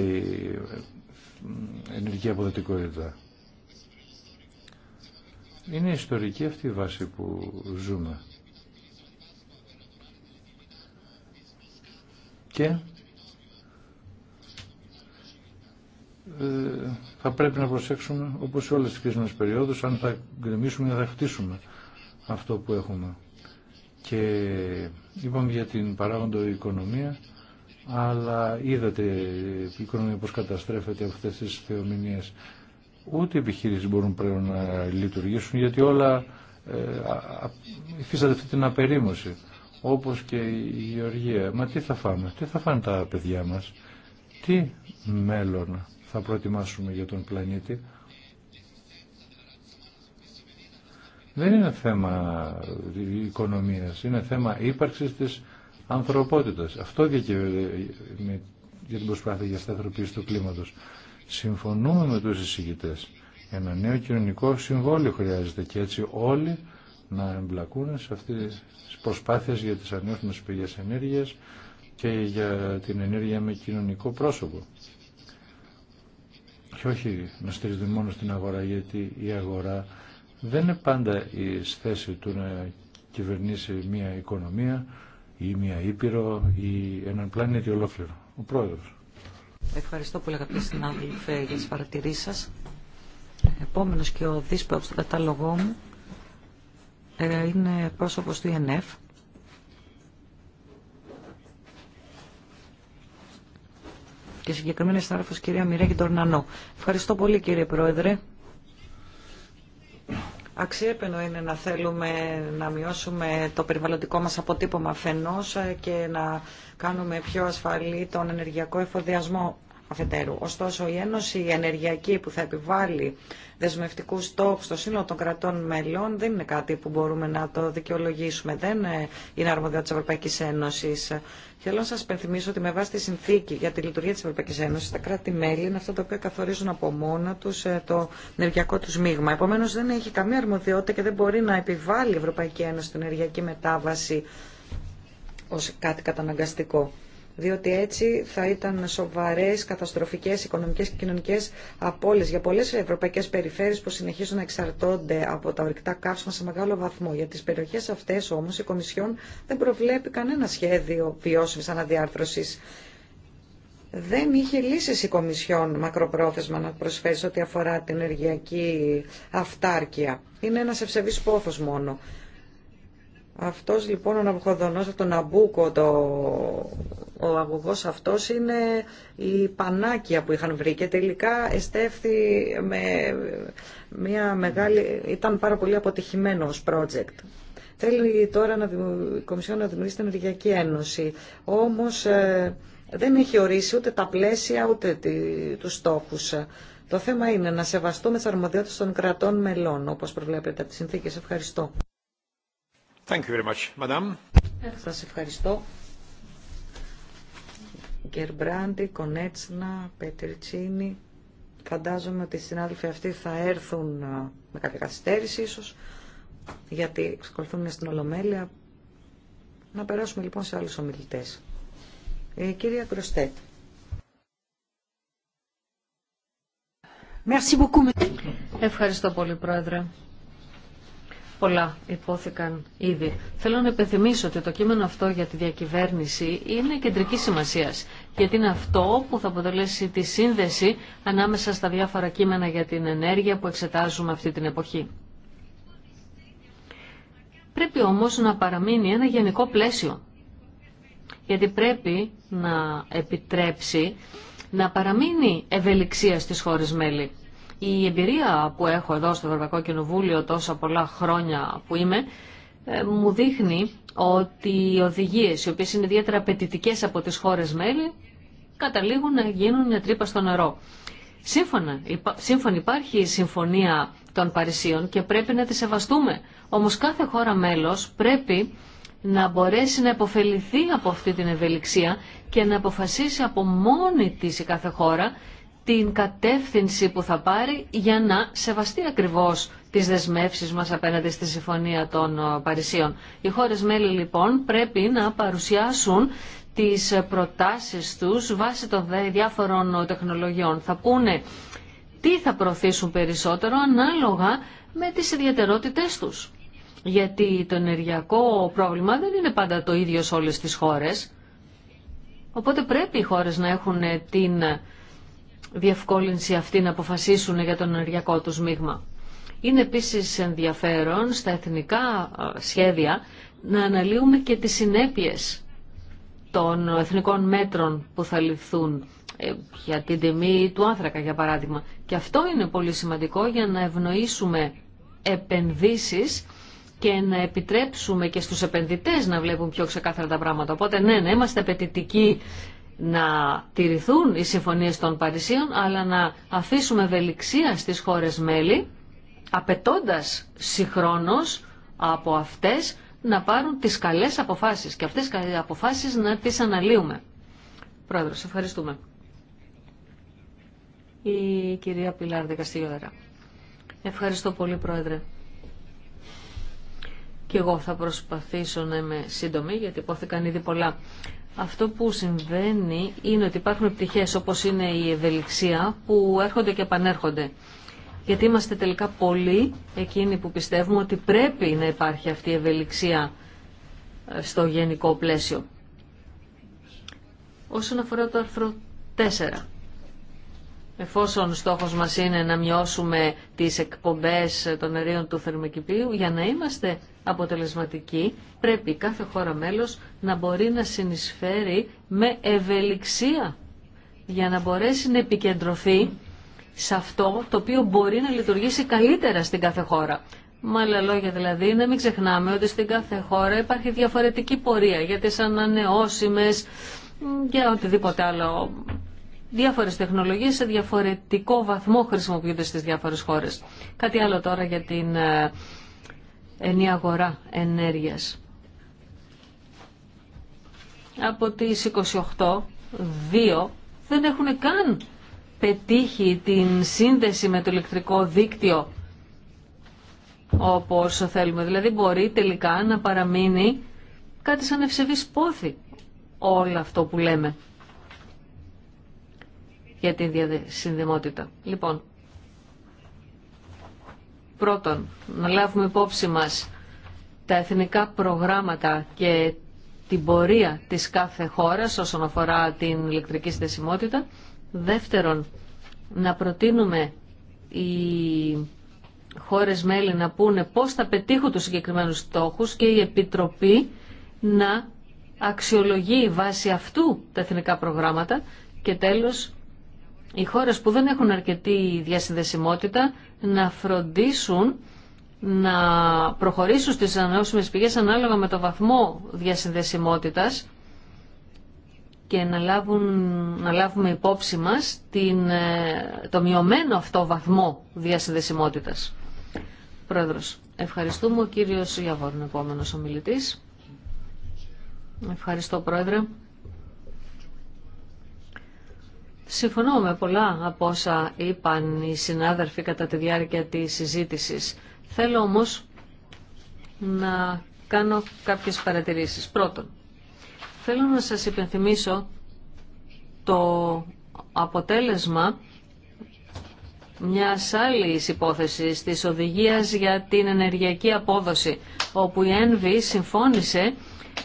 [SPEAKER 2] ενεργειακή αποδοτικότητα. Είναι ιστορική αυτή η βάση που ζούμε. Και Ε, θα πρέπει να προσέξουμε όπως σε όλες τις κρίσιμε περιόδους αν θα γκρεμίσουμε ή θα χτίσουμε αυτό που έχουμε. Και είπαμε λοιπόν, για την παράγοντο οικονομία αλλά είδατε η οικονομία πώς καταστρέφεται από αυτές τις θεομηνίες. Ούτε επιχείρησεις μπορούν πρέπει να λειτουργήσουν γιατί όλα ε, υφίσταται αυτή την απερίμωση όπως και η γεωργία. Μα τι θα φάμε, τι θα φάνε τα παιδιά μας, τι μέλλον θα προετοιμάσουμε για τον πλανήτη. Δεν είναι θέμα οικονομίας, είναι θέμα ύπαρξης της ανθρωπότητας. Αυτό διακυβεύεται για την προσπάθεια για σταθεροποίηση του κλίματος. Συμφωνούμε με τους εισηγητές. Ένα νέο κοινωνικό συμβόλαιο χρειάζεται και έτσι όλοι να εμπλακούν σε αυτές τις προσπάθειες για τις ανέφημε πηγές ενέργειας και για την ενέργεια με κοινωνικό πρόσωπο και όχι να στηρίζεται μόνο στην αγορά γιατί η αγορά δεν είναι πάντα η θέση του να κυβερνήσει μια οικονομία ή μια ήπειρο ή έναν πλανήτη ολόκληρο. Ο πρόεδρος.
[SPEAKER 3] Ευχαριστώ πολύ αγαπητοί συνάδελφοι για τις παρατηρήσεις σας. Επόμενος και ο δίσπαος του κατάλογό μου ε, είναι πρόσωπος του ΙΕΝΕΦ. και συγκεκριμένη συνάδελφος κυρία Μιρέγη Τορνανό. Ευχαριστώ πολύ κύριε Πρόεδρε. Αξιέπαινο είναι να θέλουμε να μειώσουμε το περιβαλλοντικό μας αποτύπωμα φαινός και να κάνουμε πιο ασφαλή τον ενεργειακό εφοδιασμό αφετέρου. Ωστόσο, η Ένωση Ενεργειακή που θα επιβάλλει δεσμευτικούς στόχους στο σύνολο των κρατών μελών δεν είναι κάτι που μπορούμε να το δικαιολογήσουμε. Δεν ε, είναι αρμοδιότητα της Ευρωπαϊκής Ένωσης. Θέλω να σας πενθυμίσω ότι με βάση τη συνθήκη για τη λειτουργία της Ευρωπαϊκής Ένωσης τα κράτη-μέλη είναι αυτά τα οποία καθορίζουν από μόνα τους ε, το ενεργειακό τους μείγμα. Επομένως δεν έχει καμία αρμοδιότητα και δεν μπορεί να επιβάλλει η Ευρωπαϊκή Ένωση την ενεργειακή μετάβαση ως κάτι καταναγκαστικό διότι έτσι θα ήταν σοβαρές καταστροφικές οικονομικές και κοινωνικές απώλειες για πολλές ευρωπαϊκές περιφέρειες που συνεχίζουν να εξαρτώνται από τα ορυκτά καύσιμα σε μεγάλο βαθμό. Για τις περιοχές αυτές όμως η Κομισιόν δεν προβλέπει κανένα σχέδιο βιώσιμης αναδιάρθρωσης δεν είχε λύσεις η Κομισιόν μακροπρόθεσμα να προσφέρει ό,τι αφορά την ενεργειακή αυτάρκεια. Είναι ένας ευσεβής πόθος μόνο. Αυτός λοιπόν ο Ναβουχοδονός από τον Ναμπούκο, το... ο αγωγός αυτός είναι η πανάκια που είχαν βρει και τελικά εστέφθη με μια μεγάλη, ήταν πάρα πολύ αποτυχημένο ως project. Θέλει τώρα να δημιου... η Κομισιόν να δημιουργήσει την Ενεργειακή Ένωση, όμως ε, δεν έχει ορίσει ούτε τα πλαίσια ούτε τη... τους στόχους. Το θέμα είναι να σεβαστούμε τι αρμοδιότητες των κρατών μελών, όπως προβλέπεται από τις συνθήκες. Ευχαριστώ.
[SPEAKER 2] Thank you very much, madame.
[SPEAKER 3] ευχαριστώ. Γκερμπράντι, Κονέτσνα, Πετριτσίνη. Φαντάζομαι ότι οι συνάδελφοι αυτοί θα έρθουν με κάποια καθυστέρηση ίσως, γιατί εξακολουθούν στην Ολομέλεια. Να περάσουμε λοιπόν σε άλλους ομιλητές.
[SPEAKER 1] Η ε, κυρία Κροστέτ. Ευχαριστώ πολύ, Πρόεδρε. Πολλά υπόθηκαν ήδη. Θέλω να υπενθυμίσω ότι το κείμενο αυτό για τη διακυβέρνηση είναι κεντρική σημασία. Γιατί είναι αυτό που θα αποτελέσει τη σύνδεση ανάμεσα στα διάφορα κείμενα για την ενέργεια που εξετάζουμε αυτή την εποχή. Πρέπει όμως να παραμείνει ένα γενικό πλαίσιο. Γιατί πρέπει να επιτρέψει να παραμείνει ευελιξία στις χώρες μέλη. Η εμπειρία που έχω εδώ στο Ευρωπαϊκό Κοινοβούλιο τόσα πολλά χρόνια που είμαι, ε, μου δείχνει ότι οι οδηγίες, οι οποίες είναι ιδιαίτερα απαιτητικέ από τις χώρες μέλη, καταλήγουν να γίνουν μια τρύπα στο νερό. Σύμφωνα, σύμφωνα υπάρχει η Συμφωνία των Παρισίων και πρέπει να τη σεβαστούμε. Όμως κάθε χώρα μέλος πρέπει να μπορέσει να υποφεληθεί από αυτή την ευελιξία και να αποφασίσει από μόνη της η κάθε χώρα την κατεύθυνση που θα πάρει για να σεβαστεί ακριβώς τις δεσμεύσεις μας απέναντι στη Συμφωνία των ε, Παρισίων. Οι χώρες μέλη λοιπόν πρέπει να παρουσιάσουν τις προτάσεις τους βάσει των διάφορων ε, τεχνολογιών. Θα πούνε τι θα προωθήσουν περισσότερο ανάλογα με τις ιδιαιτερότητές τους. Γιατί το ενεργειακό πρόβλημα δεν είναι πάντα το ίδιο σε όλες τις χώρες. Οπότε πρέπει οι χώρες να έχουν ε, την διευκόλυνση αυτή να αποφασίσουν για τον ενεργειακό τους μείγμα. Είναι επίσης ενδιαφέρον στα εθνικά σχέδια να αναλύουμε και τις συνέπειες των εθνικών μέτρων που θα ληφθούν ε, για την τιμή του άνθρακα για παράδειγμα. Και αυτό είναι πολύ σημαντικό για να ευνοήσουμε επενδύσεις και να επιτρέψουμε και στους επενδυτές να βλέπουν πιο ξεκάθαρα τα πράγματα. Οπότε ναι, να είμαστε απαιτητικοί να τηρηθούν οι συμφωνίες των Παρισίων, αλλά να αφήσουμε ευελιξία στις χώρες μέλη, απαιτώντας συγχρόνως από αυτές να πάρουν τις καλές αποφάσεις και αυτές τις αποφάσεις να τις αναλύουμε. Πρόεδρος, ευχαριστούμε. Η κυρία Πιλάρδη Δικαστήριο Ευχαριστώ πολύ, Πρόεδρε. Και εγώ θα προσπαθήσω να είμαι σύντομη, γιατί υπόθηκαν ήδη πολλά. Αυτό που συμβαίνει είναι ότι υπάρχουν πτυχές όπως είναι η ευελιξία που έρχονται και επανέρχονται. Γιατί είμαστε τελικά πολλοί εκείνοι που πιστεύουμε ότι πρέπει να υπάρχει αυτή η ευελιξία ε, στο γενικό πλαίσιο. Όσον αφορά το άρθρο 4 εφόσον στόχος μας είναι να μειώσουμε τις εκπομπές των αερίων του θερμοκηπίου, για να είμαστε αποτελεσματικοί πρέπει κάθε χώρα μέλος να μπορεί να συνεισφέρει με ευελιξία για να μπορέσει να επικεντρωθεί σε αυτό το οποίο μπορεί να λειτουργήσει καλύτερα στην κάθε χώρα. Με άλλα λόγια δηλαδή, να μην ξεχνάμε ότι στην κάθε χώρα υπάρχει διαφορετική πορεία για τις ανανεώσιμες, και οτιδήποτε άλλο διάφορες τεχνολογίες σε διαφορετικό βαθμό χρησιμοποιούνται στις διάφορες χώρες. Κάτι άλλο τώρα για την ε, ενή αγορά ενέργειας. Από τις 28, δύο δεν έχουν καν πετύχει την σύνδεση με το ηλεκτρικό δίκτυο όπως θέλουμε. Δηλαδή μπορεί τελικά να παραμείνει κάτι σαν ευσεβής πόθη όλο αυτό που λέμε για την συνδημότητα. Λοιπόν, πρώτον, να λάβουμε υπόψη μας τα εθνικά προγράμματα και την πορεία της κάθε χώρας όσον αφορά την ηλεκτρική συνδεσιμότητα. Δεύτερον, να προτείνουμε οι χώρες μέλη να πούνε πώς θα πετύχουν τους συγκεκριμένους στόχους και η Επιτροπή να αξιολογεί βάσει αυτού τα εθνικά προγράμματα και τέλος οι χώρες που δεν έχουν αρκετή διασυνδεσιμότητα να φροντίσουν να προχωρήσουν στις ανανεώσιμες πηγές ανάλογα με το βαθμό διασυνδεσιμότητας και να, λάβουν, να λάβουμε υπόψη μας την, ε, το μειωμένο αυτό βαθμό διασυνδεσιμότητας. Πρόεδρος, ευχαριστούμε. Ο κύριος Γιαβόρν, επόμενος ομιλητής. Ευχαριστώ, Πρόεδρε. Συμφωνώ με πολλά από όσα είπαν οι συνάδελφοι κατά τη διάρκεια της συζήτησης. Θέλω όμως να κάνω κάποιες παρατηρήσεις. Πρώτον, θέλω να σας υπενθυμίσω το αποτέλεσμα μια άλλη υπόθεσης της οδηγίας για την ενεργειακή απόδοση, όπου η ΕΝΒΗ συμφώνησε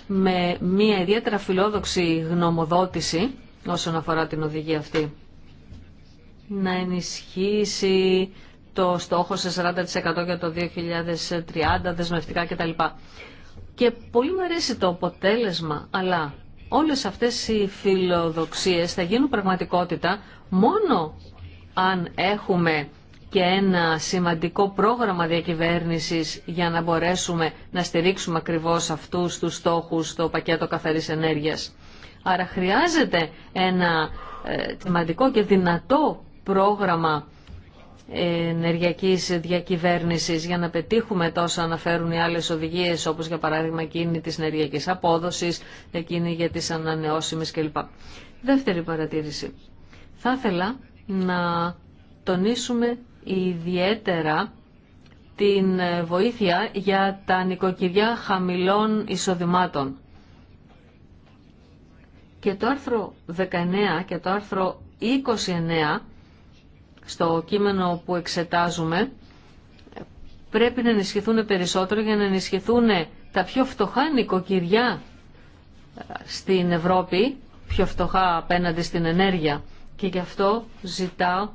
[SPEAKER 1] με μια ιδιαίτερα φιλόδοξη γνωμοδότηση όσον αφορά την οδηγία αυτή. Να ενισχύσει το στόχο σε 40% για το 2030, δεσμευτικά κτλ. Και πολύ μου αρέσει το αποτέλεσμα, αλλά όλες αυτές οι φιλοδοξίες θα γίνουν πραγματικότητα μόνο αν έχουμε και ένα σημαντικό πρόγραμμα διακυβέρνησης για να μπορέσουμε να στηρίξουμε ακριβώς αυτούς τους στόχους στο πακέτο καθαρής ενέργειας. Άρα χρειάζεται ένα θεματικό και δυνατό πρόγραμμα ενεργειακής διακυβέρνησης για να πετύχουμε τόσα αναφέρουν οι άλλες οδηγίες όπως για παράδειγμα εκείνη της ενεργειακής απόδοσης, εκείνη για τις ανανεώσιμες κλπ. Δεύτερη παρατήρηση. Θα ήθελα να τονίσουμε ιδιαίτερα την βοήθεια για τα νοικοκυριά χαμηλών εισοδημάτων. Και το άρθρο 19 και το άρθρο 29 στο κείμενο που εξετάζουμε πρέπει να ενισχυθούν περισσότερο για να ενισχυθούν τα πιο φτωχά νοικοκυριά ε, στην Ευρώπη, πιο φτωχά απέναντι στην ενέργεια. Και γι' αυτό ζητάω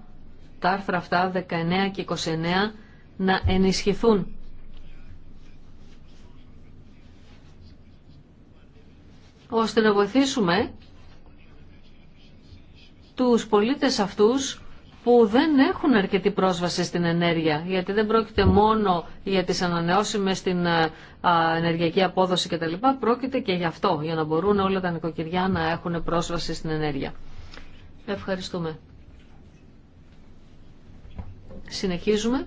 [SPEAKER 1] τα άρθρα αυτά 19 και 29 να ενισχυθούν ώστε να βοηθήσουμε τους πολίτες αυτούς που δεν έχουν αρκετή πρόσβαση στην ενέργεια, γιατί δεν πρόκειται μόνο για τις ανανεώσιμες, στην ε, ενεργειακή απόδοση κτλ. Πρόκειται και γι' αυτό, για να μπορούν όλα τα νοικοκυριά να έχουν πρόσβαση στην ενέργεια. Ευχαριστούμε. Συνεχίζουμε.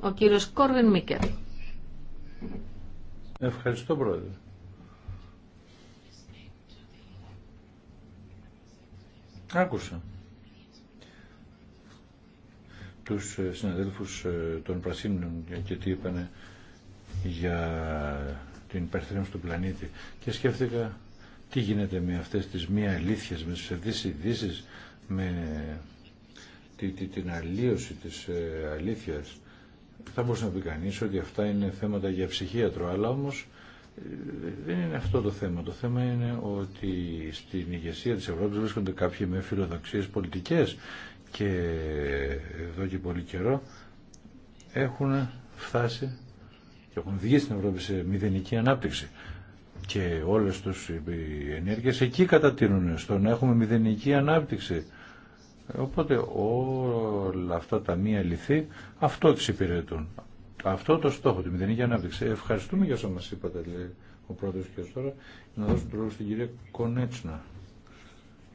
[SPEAKER 1] Ο κύριος Κόρβιν Μίκερ.
[SPEAKER 2] Ευχαριστώ, Πρόεδρε. Άκουσα τους ε, συναδέλφους ε, των Πρασίνων και τι είπανε για την υπερθρέμψη του πλανήτη και σκέφτηκα τι γίνεται με αυτές τις μία αλήθειες, με τις ειδήσεις, ειδήσει, με την αλλίωση της ε, αλήθειας. Θα μπορούσε να πει κανείς ότι αυτά είναι θέματα για ψυχίατρο, αλλά όμως ε, δεν είναι αυτό το θέμα. Το θέμα είναι ότι στην ηγεσία της Ευρώπης βρίσκονται κάποιοι με φιλοδοξίες πολιτικές και εδώ και πολύ καιρό έχουν φτάσει και έχουν βγει στην Ευρώπη σε μηδενική ανάπτυξη. Και όλες τους ενέργειες εκεί κατατείνουν στο να έχουμε μηδενική ανάπτυξη. Οπότε όλα αυτά τα μία λυθή αυτό εξυπηρετούν αυτό το στόχο τη μηδενική ανάπτυξη. Ευχαριστούμε για όσα μα είπατε, λέει ο πρόεδρο και τώρα, να δώσουμε το λόγο στην κυρία Κονέτσνα,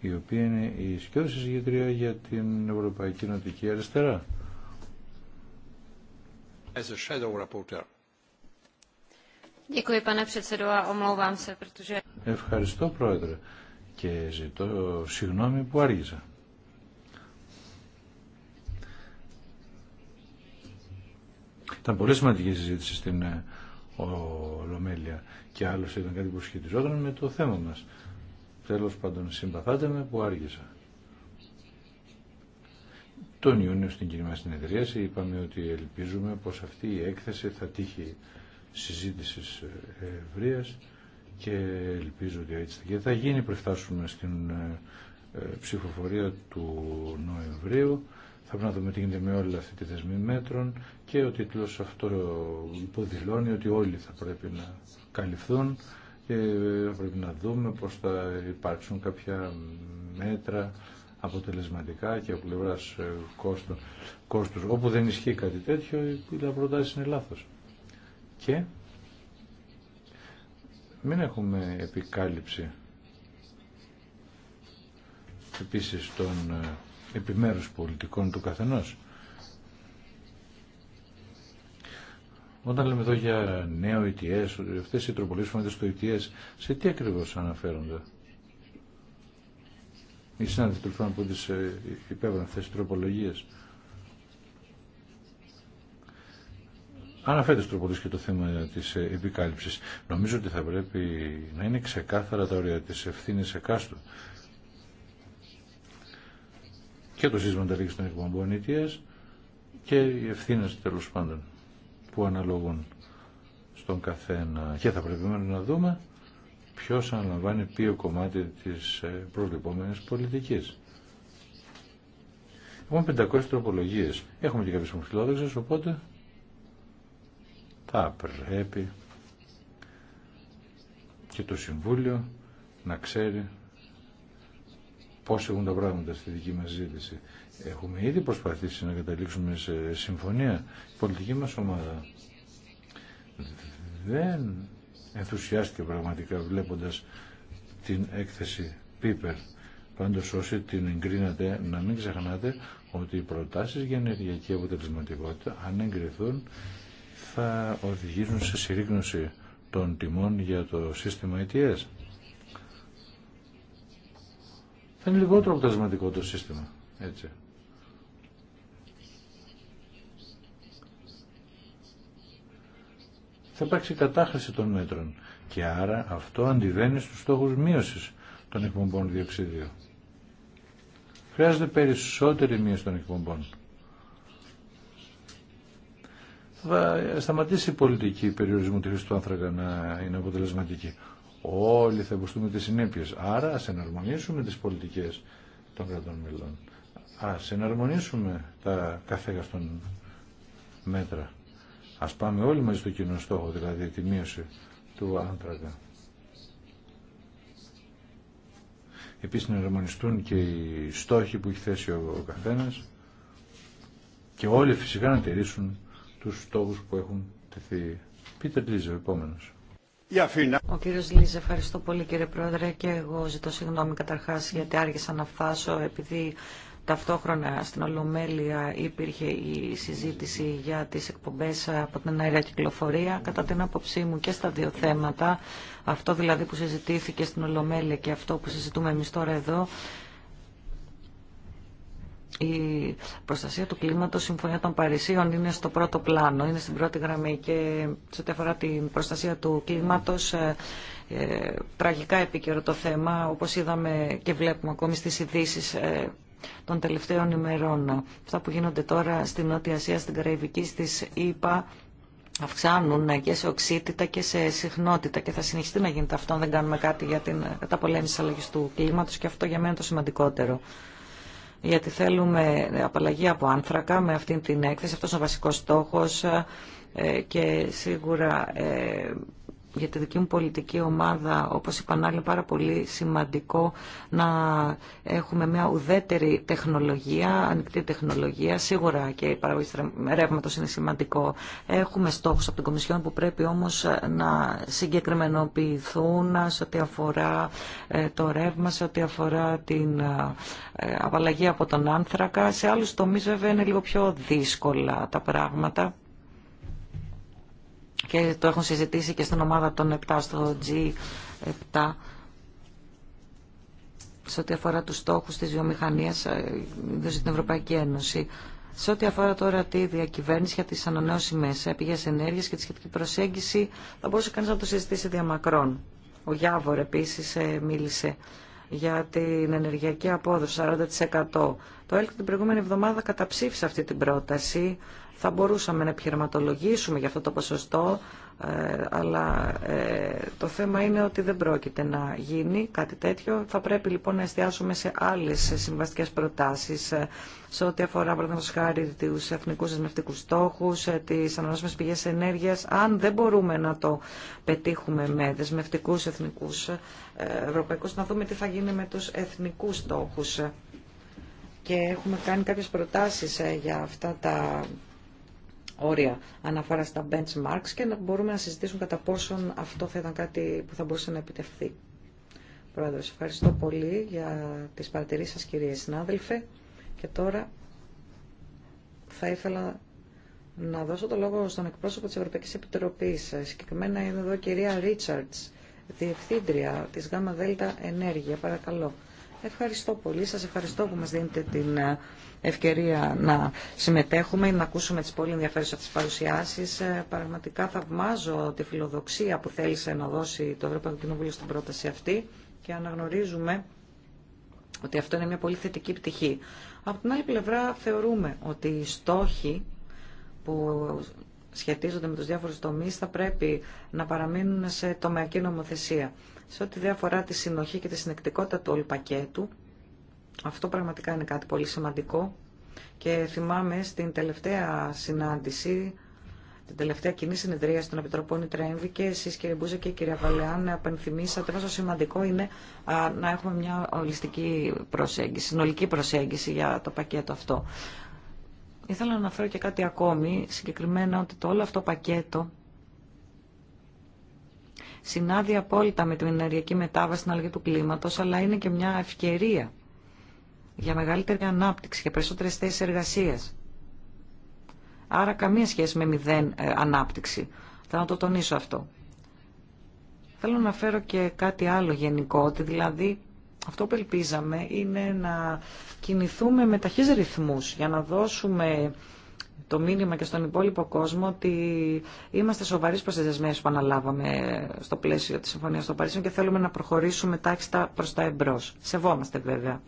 [SPEAKER 2] η οποία είναι η σκιώδη συζητητρία για την Ευρωπαϊκή Νοτική Αριστερά. a Ευχαριστώ, Πρόεδρε, και ζητώ συγγνώμη που άργησα. Ήταν πολύ σημαντική η συζήτηση στην ε, Ολομέλεια και άλλωστε ήταν κάτι που σχετιζόταν με το θέμα μας. Τέλος πάντων συμπαθάτε με που άργησα. Τον Ιούνιο στην κοινή μας συνεδρίαση είπαμε ότι ελπίζουμε πως αυτή η έκθεση θα τύχει συζήτησης ε, ευρεία και ελπίζω ότι έτσι θα γίνει πριν φτάσουμε στην ε, ψηφοφορία του Νοεμβρίου θα πρέπει να δούμε τι γίνεται με όλη αυτή τη δεσμή μέτρων και ο τίτλος αυτό υποδηλώνει ότι όλοι θα πρέπει να καλυφθούν και πρέπει να δούμε πώ θα υπάρξουν κάποια μέτρα αποτελεσματικά και από πλευρά ε, κόστου, Όπου δεν ισχύει κάτι τέτοιο, οι προτάσει είναι λάθος. Και μην έχουμε επικάλυψη επίσης των ε, επιμέρους πολιτικών του καθενός. Όταν λέμε εδώ για νέο ETS, αυτές οι τροπολίες που στο ETS, σε τι ακριβώς αναφέρονται. Οι συνάδελφοι του που τις ε, υπέβαλαν αυτές οι τροπολογίες. Αναφέρεται στο και το θέμα τη ε, επικάλυψη. Νομίζω ότι θα πρέπει να είναι ξεκάθαρα τα όρια τη ευθύνη εκάστου και το σύστημα λίγης των εκπομπών ETS και οι ευθύνε τέλο πάντων που αναλογούν στον καθένα. Και θα πρέπει να δούμε ποιος αναλαμβάνει ποιο κομμάτι τη ε, προβληπόμενη πολιτική. Έχουμε 500 τροπολογίες. Έχουμε και κάποιες φιλόδοξε, οπότε θα πρέπει και το Συμβούλιο να ξέρει πώς έχουν τα πράγματα στη δική μας ζήτηση. Έχουμε ήδη προσπαθήσει να καταλήξουμε σε συμφωνία. Η πολιτική μας ομάδα δεν ενθουσιάστηκε πραγματικά βλέποντας την έκθεση Πίπερ. Πάντως όσοι την εγκρίνατε να μην ξεχνάτε ότι οι προτάσεις για ενεργειακή αποτελεσματικότητα αν εγκριθούν θα οδηγήσουν σε συρρήγνωση των τιμών για το σύστημα ETS. Ε θα είναι λιγότερο αποτελεσματικό το σύστημα. Έτσι. Θα υπάρξει κατάχρηση των μέτρων και άρα αυτό αντιβαίνει στους στόχους μείωσης των εκπομπών διοξιδίου. Χρειάζεται περισσότερη μείωση των εκπομπών. Θα σταματήσει η πολιτική περιορισμού τη του άνθρακα να είναι αποτελεσματική όλοι θα υποστούμε τις συνέπειες. Άρα ας εναρμονίσουμε τις πολιτικές των κρατών μελών. Ας εναρμονίσουμε τα των μέτρα. Ας πάμε όλοι μαζί στο κοινό στόχο, δηλαδή τη μείωση του άνθρακα. Επίσης να εναρμονιστούν και οι στόχοι που έχει θέσει ο καθένας και όλοι φυσικά να τηρήσουν τους στόχους που έχουν τεθεί. Πείτε, Λίζε, επόμενος.
[SPEAKER 3] Ο κύριος Λίζε, ευχαριστώ πολύ κύριε Πρόεδρε και εγώ ζητώ συγγνώμη καταρχάς γιατί άργησα να φτάσω επειδή ταυτόχρονα στην Ολομέλεια υπήρχε η συζήτηση για τις εκπομπές από την αέρα κυκλοφορία. Κατά την άποψή μου και στα δύο θέματα, αυτό δηλαδή που συζητήθηκε στην Ολομέλεια και αυτό που συζητούμε εμείς τώρα εδώ, η προστασία του κλίματος, η Συμφωνία των Παρισίων είναι στο πρώτο πλάνο, είναι στην πρώτη γραμμή και σε ό,τι αφορά την προστασία του κλίματος, ε, ε τραγικά επίκαιρο το θέμα, όπως είδαμε και βλέπουμε ακόμη στις ειδήσει ε, των τελευταίων ημερών. Αυτά που γίνονται τώρα στην Νότια Ασία, στην Καραϊβική, στις ΗΠΑ, αυξάνουν και σε οξύτητα και σε συχνότητα και θα συνεχιστεί να γίνεται αυτό αν δεν κάνουμε κάτι για την καταπολέμηση αλλαγής του κλίματος και αυτό για μένα είναι το σημαντικότερο γιατί θέλουμε απαλλαγή από άνθρακα με αυτή την έκθεση. Αυτός είναι ο βασικός στόχος ε, και σίγουρα ε, για τη δική μου πολιτική ομάδα, όπως άλλοι, είναι πάρα πολύ σημαντικό να έχουμε μια ουδέτερη τεχνολογία, ανοιχτή τεχνολογία. Σίγουρα και η παραγωγή ρεύματο είναι σημαντικό. Έχουμε στόχους από την Κομισιόν που πρέπει όμως να συγκεκριμενοποιηθούν σε ό,τι αφορά ε, το ρεύμα, σε ό,τι αφορά την ε, ε, απαλλαγή από τον άνθρακα. Σε άλλους τομείς βέβαια είναι λίγο πιο δύσκολα τα πράγματα και το έχουν συζητήσει και στην ομάδα των 7 στο G7 σε ό,τι αφορά τους στόχους της βιομηχανίας ε, στην Ευρωπαϊκή Ένωση. Σε ό,τι αφορά τώρα τη διακυβέρνηση για τις ανανεώσιμες πηγές ενέργειας και τη σχετική προσέγγιση, θα μπορούσε κανείς να το συζητήσει διαμακρών. Ο Γιάβορ επίσης ε, μίλησε για την ενεργειακή απόδοση 40%. Το ΕΛΚ την προηγούμενη εβδομάδα καταψήφισε αυτή την πρόταση θα μπορούσαμε να επιχειρηματολογήσουμε για αυτό το ποσοστό, ε, αλλά ε, το θέμα είναι ότι δεν πρόκειται να γίνει κάτι τέτοιο. Θα πρέπει λοιπόν να εστιάσουμε σε άλλες συμβαστικές προτάσεις ε, σε ό,τι αφορά παραδείγματο χάρη τους εθνικούς δεσμευτικούς στόχους, τι ανανεώσιμε πηγέ ενέργεια. Αν δεν μπορούμε να το πετύχουμε με δεσμευτικούς εθνικούς Ευρωπαϊκού, να δούμε τι θα γίνει με του εθνικού στόχου. Και έχουμε κάνει κάποιες προτάσεις για αυτά τα όρια αναφορά στα benchmarks και να μπορούμε να συζητήσουμε κατά πόσον αυτό θα ήταν κάτι που θα μπορούσε να επιτευχθεί. Πρόεδρος, ευχαριστώ πολύ για τις παρατηρήσεις σας κυρίες συνάδελφε και τώρα θα ήθελα να δώσω το λόγο στον εκπρόσωπο της Ευρωπαϊκής Επιτροπής. Συγκεκριμένα είναι εδώ η κυρία Ρίτσαρτς, Διευθύντρια της ΓΔ Ενέργεια. Παρακαλώ. Ευχαριστώ πολύ. Σας ευχαριστώ που μας δίνετε την ευκαιρία να συμμετέχουμε, να ακούσουμε τις πολύ ενδιαφέρουσες τις παρουσιάσεις. Ε, πραγματικά θαυμάζω τη φιλοδοξία που θέλησε να δώσει το Ευρωπαϊκό Κοινοβούλιο στην πρόταση αυτή και αναγνωρίζουμε ότι αυτό είναι μια πολύ θετική πτυχή. Από την άλλη πλευρά θεωρούμε ότι οι στόχοι που σχετίζονται με τους διάφορους τομείς θα πρέπει να παραμείνουν σε τομεακή νομοθεσία. Σε ό,τι διαφορά τη συνοχή και τη συνεκτικότητα του όλου πακέτου, αυτό πραγματικά είναι κάτι πολύ σημαντικό και θυμάμαι στην τελευταία συνάντηση, την τελευταία κοινή συνεδρία στον Επιτροπή Ιτρέμβη και εσείς κύριε Μπούζα και κυρία Βαλεάν επενθυμίσατε πόσο σημαντικό είναι να έχουμε μια ολιστική προσέγγιση, συνολική προσέγγιση για το πακέτο αυτό. Ήθελα να αναφέρω και κάτι ακόμη, συγκεκριμένα ότι το όλο αυτό πακέτο συνάδει απόλυτα με την ενεργειακή μετάβαση στην αλλαγή του κλίματος, αλλά είναι και μια ευκαιρία για μεγαλύτερη ανάπτυξη και περισσότερε θέσει εργασία. Άρα καμία σχέση με μηδέν ε, ανάπτυξη. Θα να το τονίσω αυτό. Θέλω να φέρω και κάτι άλλο γενικό, ότι δηλαδή αυτό που ελπίζαμε είναι να κινηθούμε με ταχύς ρυθμούς για να δώσουμε το μήνυμα και στον υπόλοιπο κόσμο ότι είμαστε σοβαροί προ που αναλάβαμε στο πλαίσιο τη Συμφωνία των Παρισίων και θέλουμε να προχωρήσουμε τάχιστα προ τα εμπρό. Σεβόμαστε βέβαια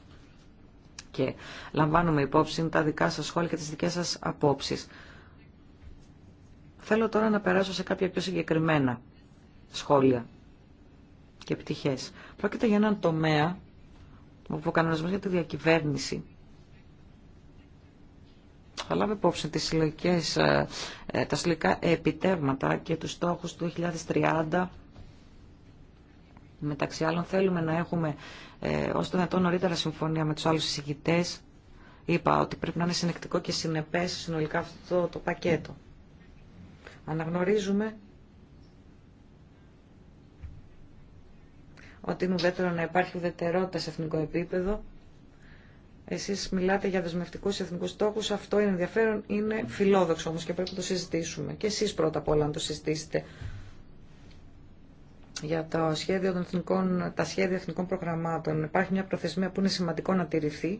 [SPEAKER 3] και λαμβάνουμε υπόψη τα δικά σας σχόλια και τις δικές σας απόψεις. Θέλω τώρα να περάσω σε κάποια πιο συγκεκριμένα σχόλια και επιτυχές. Πρόκειται για έναν τομέα όπου ο κανονισμός για τη διακυβέρνηση θα λάβει υπόψη τις συλλογικές, ε, ε, τα συλλογικά επιτεύγματα και τους στόχους του 2030. Μεταξύ άλλων θέλουμε να έχουμε ε, ως δυνατόν νωρίτερα συμφωνία με τους άλλους εισηγητές. Είπα ότι πρέπει να είναι συνεκτικό και συνεπές συνολικά αυτό το, το πακέτο. Αναγνωρίζουμε ότι είναι ουδέτερο να υπάρχει ουδετερότητα σε εθνικό επίπεδο. Εσείς μιλάτε για δεσμευτικούς εθνικούς στόχους, αυτό είναι ενδιαφέρον, είναι φιλόδοξο όμως και πρέπει να το συζητήσουμε. Και εσείς πρώτα απ' όλα να το συζητήσετε για το των τα σχέδια εθνικών προγραμμάτων. Υπάρχει μια προθεσμία που είναι σημαντικό να τηρηθεί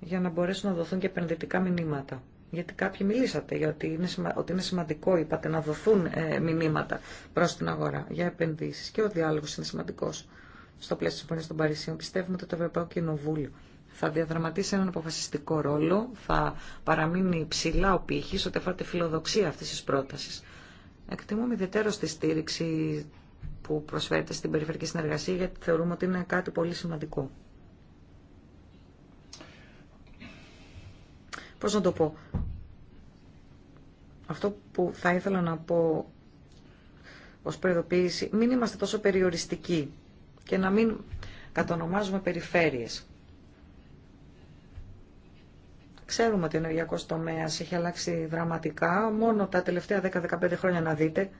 [SPEAKER 3] για να μπορέσουν να δοθούν και επενδυτικά μηνύματα. Γιατί κάποιοι μιλήσατε για ότι είναι, ότι είναι σημαντικό, είπατε, να δοθούν ε, μηνύματα προ την αγορά για επενδύσει. Και ο διάλογο είναι σημαντικό στο πλαίσιο τη Συμφωνία των Παρισίων. Πιστεύουμε ότι το Ευρωπαϊκό Κοινοβούλιο θα διαδραματίσει έναν αποφασιστικό ρόλο, θα παραμείνει ψηλά ο πύχη ό,τι αφορά τη φιλοδοξία αυτή τη πρόταση. Εκτιμούμε ιδιαίτερο τη στήριξη που προσφέρεται στην περιφερειακή συνεργασία, γιατί θεωρούμε ότι είναι κάτι πολύ σημαντικό. Πώς να το πω. Αυτό που θα ήθελα να πω ως προειδοποίηση, μην είμαστε τόσο περιοριστικοί και να μην κατονομάζουμε περιφέρειες. Ξέρουμε ότι ο ενεργειακό τομέα έχει αλλάξει δραματικά. Μόνο τα τελευταία 10-15 χρόνια να δείτε.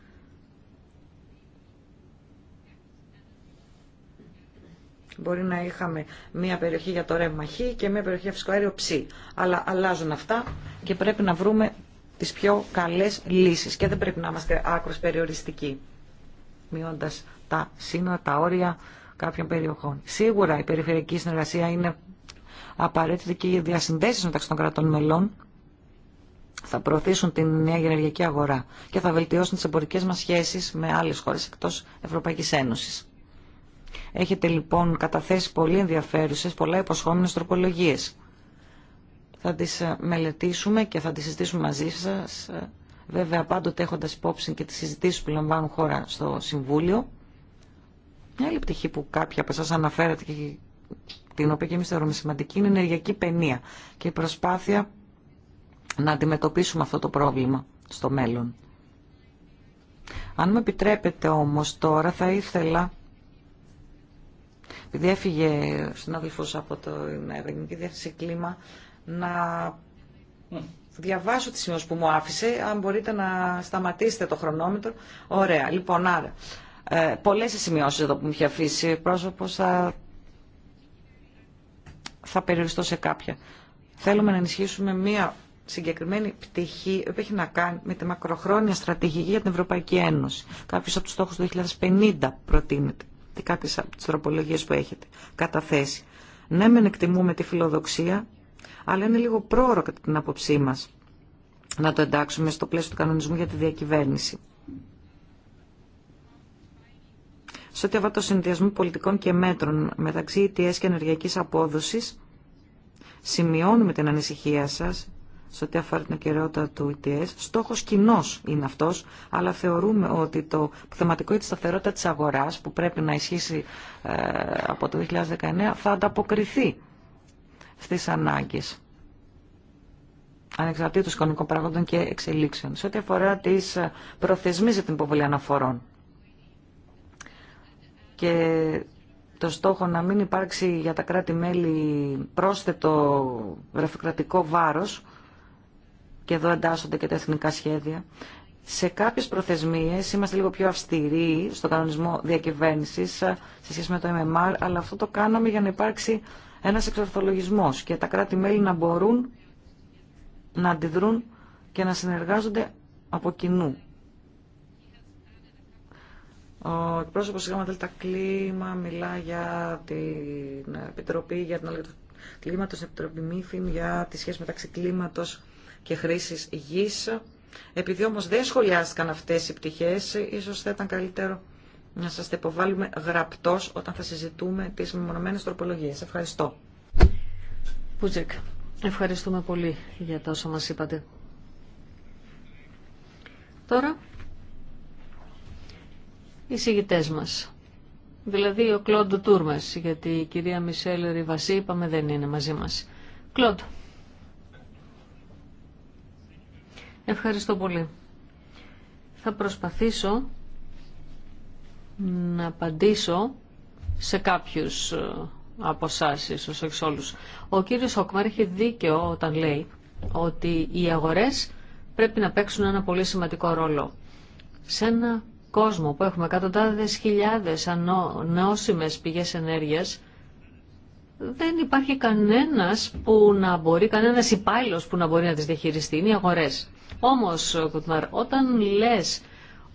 [SPEAKER 3] Μπορεί να είχαμε μία περιοχή για το ρεύμα Χ και μία περιοχή για φυσικό αέριο Ψ. Αλλά αλλάζουν αυτά και πρέπει να βρούμε τι πιο καλέ λύσει. και δεν πρέπει να είμαστε άκρο περιοριστικοί, μειώντα τα σύνορα, τα όρια κάποιων περιοχών. Σίγουρα η περιφερειακή συνεργασία είναι απαραίτητη και οι διασυνδέσει μεταξύ των κρατών μελών θα προωθήσουν την νέα ενεργειακή αγορά και θα βελτιώσουν τι εμπορικέ μα σχέσει με άλλε χώρε εκτό Ευρωπαϊκή Ένωση Έχετε λοιπόν καταθέσει πολύ ενδιαφέρουσες, πολλά υποσχόμενες τροπολογίες. Θα τις ε, μελετήσουμε και θα τις συζητήσουμε μαζί σας, ε, βέβαια πάντοτε έχοντας υπόψη και τις συζητήσεις που λαμβάνουν χώρα στο Συμβούλιο. Μια άλλη πτυχή που κάποια από εσάς αναφέρατε και την οποία και εμείς θεωρούμε σημαντική είναι η ενεργειακή παινία και η προσπάθεια να αντιμετωπίσουμε αυτό το πρόβλημα στο μέλλον. Αν με επιτρέπετε όμως τώρα θα ήθελα επειδή έφυγε ο συνάδελφος από το Γενική Διεύθυνση Κλίμα, να διαβάσω τη σημειώση που μου άφησε, αν μπορείτε να σταματήσετε το χρονόμετρο. Ωραία, λοιπόν, άρα, ε, πολλές σημειώσεις εδώ που μου είχε αφήσει πρόσωπος, θα, θα περιοριστώ σε κάποια. Θέλουμε να ενισχύσουμε μία συγκεκριμένη πτυχή που έχει να κάνει με τη μακροχρόνια στρατηγική για την Ευρωπαϊκή Ένωση. Κάποιος από τους στόχους του 2050 προτείνεται κάποιες από τις τροπολογίες που έχετε καταθέσει. Ναι, μεν εκτιμούμε τη φιλοδοξία, αλλά είναι λίγο πρόωρο κατά την άποψή μας να το εντάξουμε στο πλαίσιο του κανονισμού για τη διακυβέρνηση. Σε ό,τι αφορά το συνδυασμό πολιτικών και μέτρων μεταξύ ETS και ενεργειακής απόδοσης, σημειώνουμε την ανησυχία σας σε ό,τι αφορά την επικαιρότητα του ETS. Στόχος κοινό είναι αυτός, αλλά θεωρούμε ότι το θεματικό ή τη σταθερότητα της αγοράς που πρέπει να ισχύσει ε, από το 2019 θα ανταποκριθεί στις ανάγκες ανεξαρτήτως οικονομικών παραγόντων και εξελίξεων. Σε ό,τι αφορά τις ε, προθεσμίες για την υποβολή αναφορών και το στόχο να μην υπάρξει για τα κράτη-μέλη πρόσθετο γραφειοκρατικό βάρος, και εδώ εντάσσονται και τα εθνικά σχέδια. Σε κάποιες προθεσμίες είμαστε λίγο πιο αυστηροί στον κανονισμό διακυβέρνησης ε, σε σχέση με το MMR, αλλά αυτό το κάναμε για να υπάρξει ένας εξορθολογισμός και τα κράτη-μέλη να μπορούν να αντιδρούν και να συνεργάζονται από κοινού. Ο εκπρόσωπο τη Δέλτα Κλίμα μιλά για την Επιτροπή για την Αλληλεγγύη του κλίματο, την Επιτροπή Μύφιν, για τη σχέση μεταξύ κλίματο και χρήση γη, Επειδή όμω δεν σχολιάστηκαν αυτέ οι πτυχέ, ίσω θα ήταν καλύτερο να σα τα υποβάλουμε γραπτός όταν θα συζητούμε τι μεμονωμένε
[SPEAKER 1] τροπολογίε. Ευχαριστώ. Πούτζεκ, ευχαριστούμε πολύ για τα όσα μας είπατε. Τώρα, οι συγγητέ μα, Δηλαδή ο Κλόντ Τούρμας, γιατί η κυρία Μισελ Ριβασί είπαμε δεν είναι μαζί μας. Κλόντ. Ευχαριστώ πολύ. Θα προσπαθήσω να απαντήσω σε κάποιους ε, από εσάς, ίσως όχι όλους. Ο κύριος Σόκμαρ έχει δίκαιο όταν λέει ότι οι αγορές πρέπει να παίξουν ένα πολύ σημαντικό ρόλο. Σε ένα κόσμο που έχουμε εκατοντάδες χιλιάδες ανώσιμες πηγές ενέργειας, δεν υπάρχει κανένας που να μπορεί, κανένας υπάλληλο που να μπορεί να τις διαχειριστεί. Είναι οι αγορές. Όμως, Κουτμαρ, όταν λες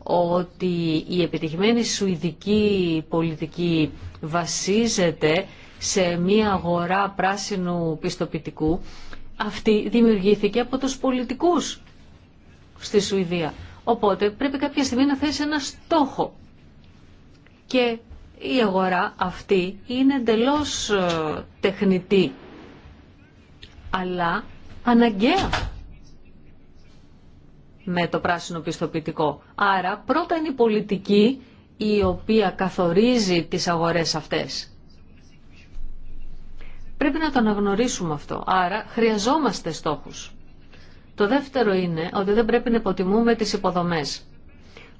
[SPEAKER 1] ότι η επιτυχημένη σουηδική πολιτική βασίζεται σε μια αγορά πράσινου πιστοποιητικού, αυτή δημιουργήθηκε από τους πολιτικούς στη Σουηδία. Οπότε πρέπει κάποια στιγμή να θέσει ένα στόχο. Και η αγορά αυτή είναι εντελώς ε, τεχνητή, αλλά αναγκαία με το πράσινο πιστοποιητικό. Άρα πρώτα είναι η πολιτική η οποία καθορίζει τις αγορές αυτές. Πρέπει να το αναγνωρίσουμε αυτό. Άρα χρειαζόμαστε στόχους. Το δεύτερο είναι ότι δεν πρέπει να υποτιμούμε τις υποδομές.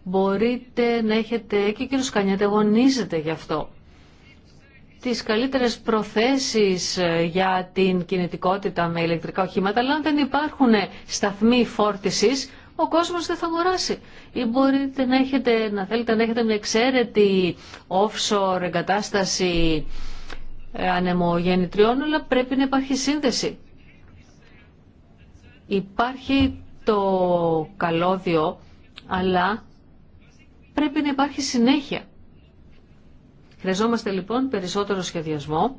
[SPEAKER 1] Μπορείτε να έχετε, και ο κύριος Κανιέτε γι' αυτό, τις καλύτερες προθέσεις ε, για την κινητικότητα με ηλεκτρικά οχήματα, αλλά αν δεν υπάρχουν σταθμοί φόρτισης, ο κόσμος δεν θα αγοράσει. Ή μπορείτε να, έχετε, να θέλετε να έχετε μια εξαίρετη offshore εγκατάσταση ε, ανεμογεννητριών, αλλά πρέπει να υπάρχει σύνδεση. Υπάρχει το καλώδιο, αλλά πρέπει να υπάρχει συνέχεια. Χρειαζόμαστε λοιπόν περισσότερο σχεδιασμό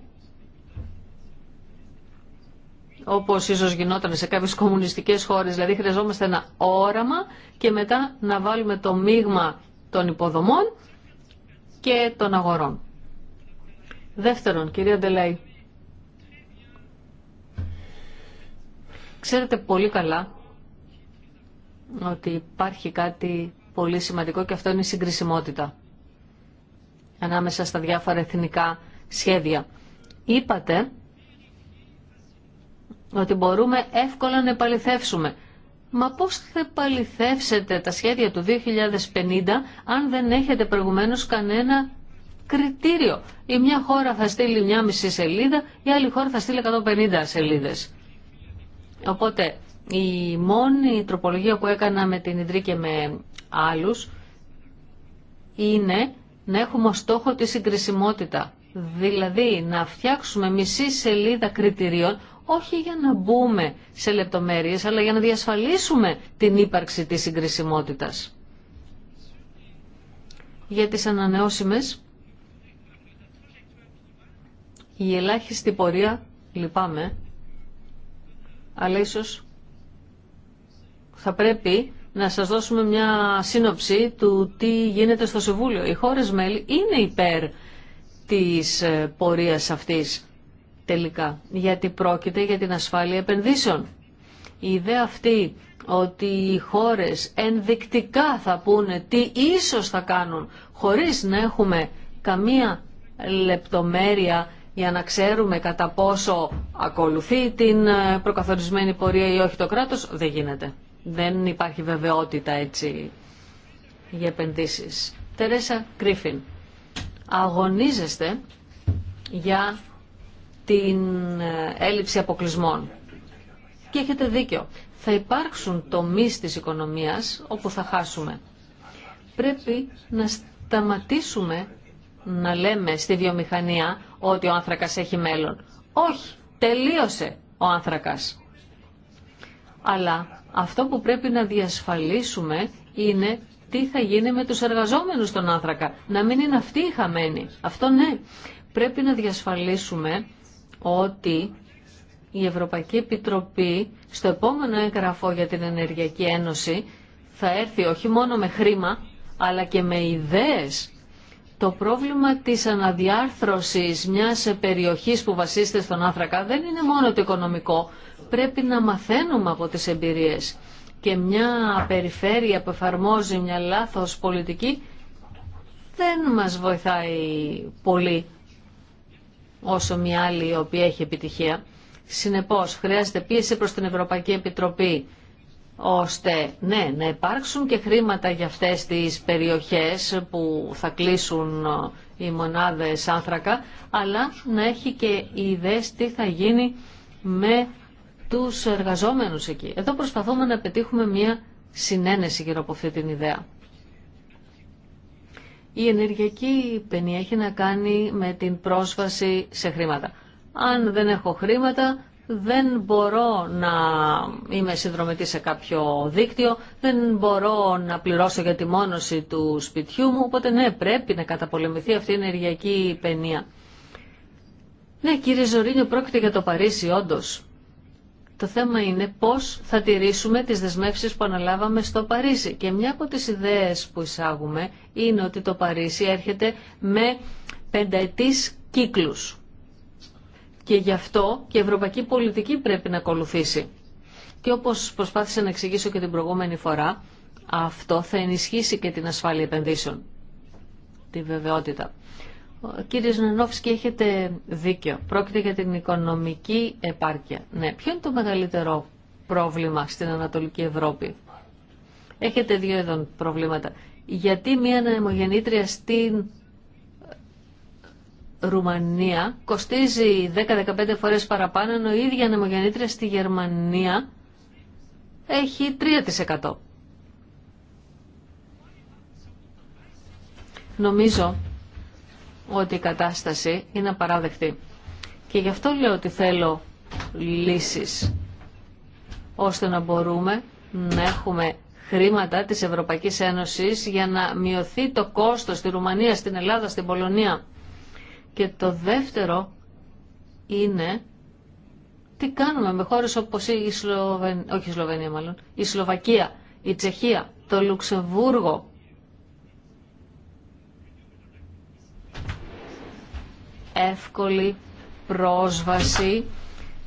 [SPEAKER 1] όπως ίσως γινόταν σε κάποιες κομμουνιστικές χώρες. Δηλαδή χρειαζόμαστε ένα όραμα και μετά να βάλουμε το μείγμα των υποδομών και των αγορών. Δεύτερον, κυρία Ντελέη, ξέρετε πολύ καλά ότι υπάρχει κάτι πολύ σημαντικό και αυτό είναι η συγκρισιμότητα ανάμεσα στα διάφορα εθνικά σχέδια. Είπατε ότι μπορούμε εύκολα να επαληθεύσουμε. Μα πώς θα επαληθεύσετε τα σχέδια του 2050 αν δεν έχετε προηγουμένως κανένα κριτήριο. Η μια χώρα θα στείλει μια μισή σελίδα, η άλλη χώρα θα στείλει 150 σελίδες. Οπότε η μόνη τροπολογία που έκανα με την Ιδρύ και με άλλους είναι να έχουμε στόχο τη συγκρισιμότητα. Δηλαδή να φτιάξουμε μισή σελίδα κριτηρίων όχι για να μπούμε σε λεπτομέρειες, αλλά για να διασφαλίσουμε την ύπαρξη της συγκρισιμότητας. Για τις ανανεώσιμες, η ελάχιστη πορεία, λυπάμαι, αλλά ίσως θα πρέπει να σας δώσουμε μια σύνοψη του τι γίνεται στο Συμβούλιο. Οι χώρες μέλη είναι υπέρ της ε, πορείας αυτής τελικά, γιατί πρόκειται για την ασφάλεια επενδύσεων. Η ιδέα αυτή ότι οι χώρες ενδεικτικά θα πούνε τι ίσως θα κάνουν χωρίς να έχουμε καμία λεπτομέρεια για να ξέρουμε κατά πόσο ακολουθεί την ε, προκαθορισμένη πορεία ή όχι το κράτος, δεν γίνεται. Δεν υπάρχει βεβαιότητα έτσι για επενδύσεις. Τερέσα Κρίφιν, αγωνίζεστε για την ε, έλλειψη αποκλεισμών. Και έχετε δίκιο. Θα υπάρξουν τομείς της οικονομίας όπου θα χάσουμε. Πρέπει να σταματήσουμε να λέμε στη βιομηχανία ότι ο άνθρακας έχει μέλλον. Όχι, τελείωσε ο άνθρακας. Αλλά αυτό που πρέπει να διασφαλίσουμε είναι τι θα γίνει με τους εργαζόμενους στον άνθρακα. Να μην είναι αυτοί οι χαμένοι. Αυτό ναι. Πρέπει να διασφαλίσουμε ότι η Ευρωπαϊκή Επιτροπή στο επόμενο έγγραφο για την Ενεργειακή Ένωση θα έρθει όχι μόνο με χρήμα, αλλά και με ιδέες. Το πρόβλημα της αναδιάρθρωσης μιας περιοχής που βασίζεται στον άνθρακα δεν είναι μόνο το οικονομικό. Πρέπει να μαθαίνουμε από τις εμπειρίες. Και μια περιφέρεια που εφαρμόζει μια λάθος πολιτική δεν μας βοηθάει πολύ όσο μια άλλη η οποία έχει επιτυχία. Συνεπώς, χρειάζεται πίεση προς την Ευρωπαϊκή Επιτροπή ώστε ναι, να υπάρξουν και χρήματα για αυτές τις περιοχές που θα κλείσουν ε, οι μονάδες άνθρακα, αλλά να έχει και ιδέες τι θα γίνει με τους εργαζόμενους εκεί. Εδώ προσπαθούμε να πετύχουμε μια συνένεση γύρω από αυτή την ιδέα. Η ενεργειακή παινία έχει να κάνει με την πρόσβαση σε χρήματα. Αν δεν έχω χρήματα, δεν μπορώ να είμαι συνδρομητή σε κάποιο δίκτυο, δεν μπορώ να πληρώσω για τη μόνωση του σπιτιού μου, οπότε ναι, πρέπει να καταπολεμηθεί αυτή η ενεργειακή παινία. Ναι, κύριε Ζωρίνιο, πρόκειται για το Παρίσι, όντως. Το θέμα είναι πώς θα τηρήσουμε τις δεσμεύσεις που αναλάβαμε στο Παρίσι. Και μια από τις ιδέες που εισάγουμε είναι ότι το Παρίσι έρχεται με πενταετής κύκλους. Και γι' αυτό και η ευρωπαϊκή πολιτική πρέπει να ακολουθήσει. Και όπως προσπάθησα να εξηγήσω και την προηγούμενη φορά, αυτό θα ενισχύσει και την ασφάλεια επενδύσεων, τη βεβαιότητα. Κύριε Ζωνενόφσκι, έχετε δίκιο. Πρόκειται για την οικονομική επάρκεια. Ναι, ποιο είναι το μεγαλύτερο πρόβλημα στην Ανατολική Ευρώπη. Έχετε δύο είδων προβλήματα. Γιατί μια ανεμογεννήτρια στην Ρουμανία κοστίζει 10-15 φορές παραπάνω, ενώ η ίδια ανεμογεννήτρια στη Γερμανία έχει 3%. Νομίζω ότι η κατάσταση είναι απαράδεκτη. Και γι' αυτό λέω ότι θέλω λύσεις, ώστε να μπορούμε να έχουμε χρήματα της Ευρωπαϊκής Ένωσης για να μειωθεί το κόστος στη Ρουμανία, στην Ελλάδα, στην Πολωνία. Και το δεύτερο είναι τι κάνουμε με χώρες όπως η Σλοβεν... όχι η Σλοβενία μάλλον, η Σλοβακία, η Τσεχία, το Λουξεμβούργο εύκολη πρόσβαση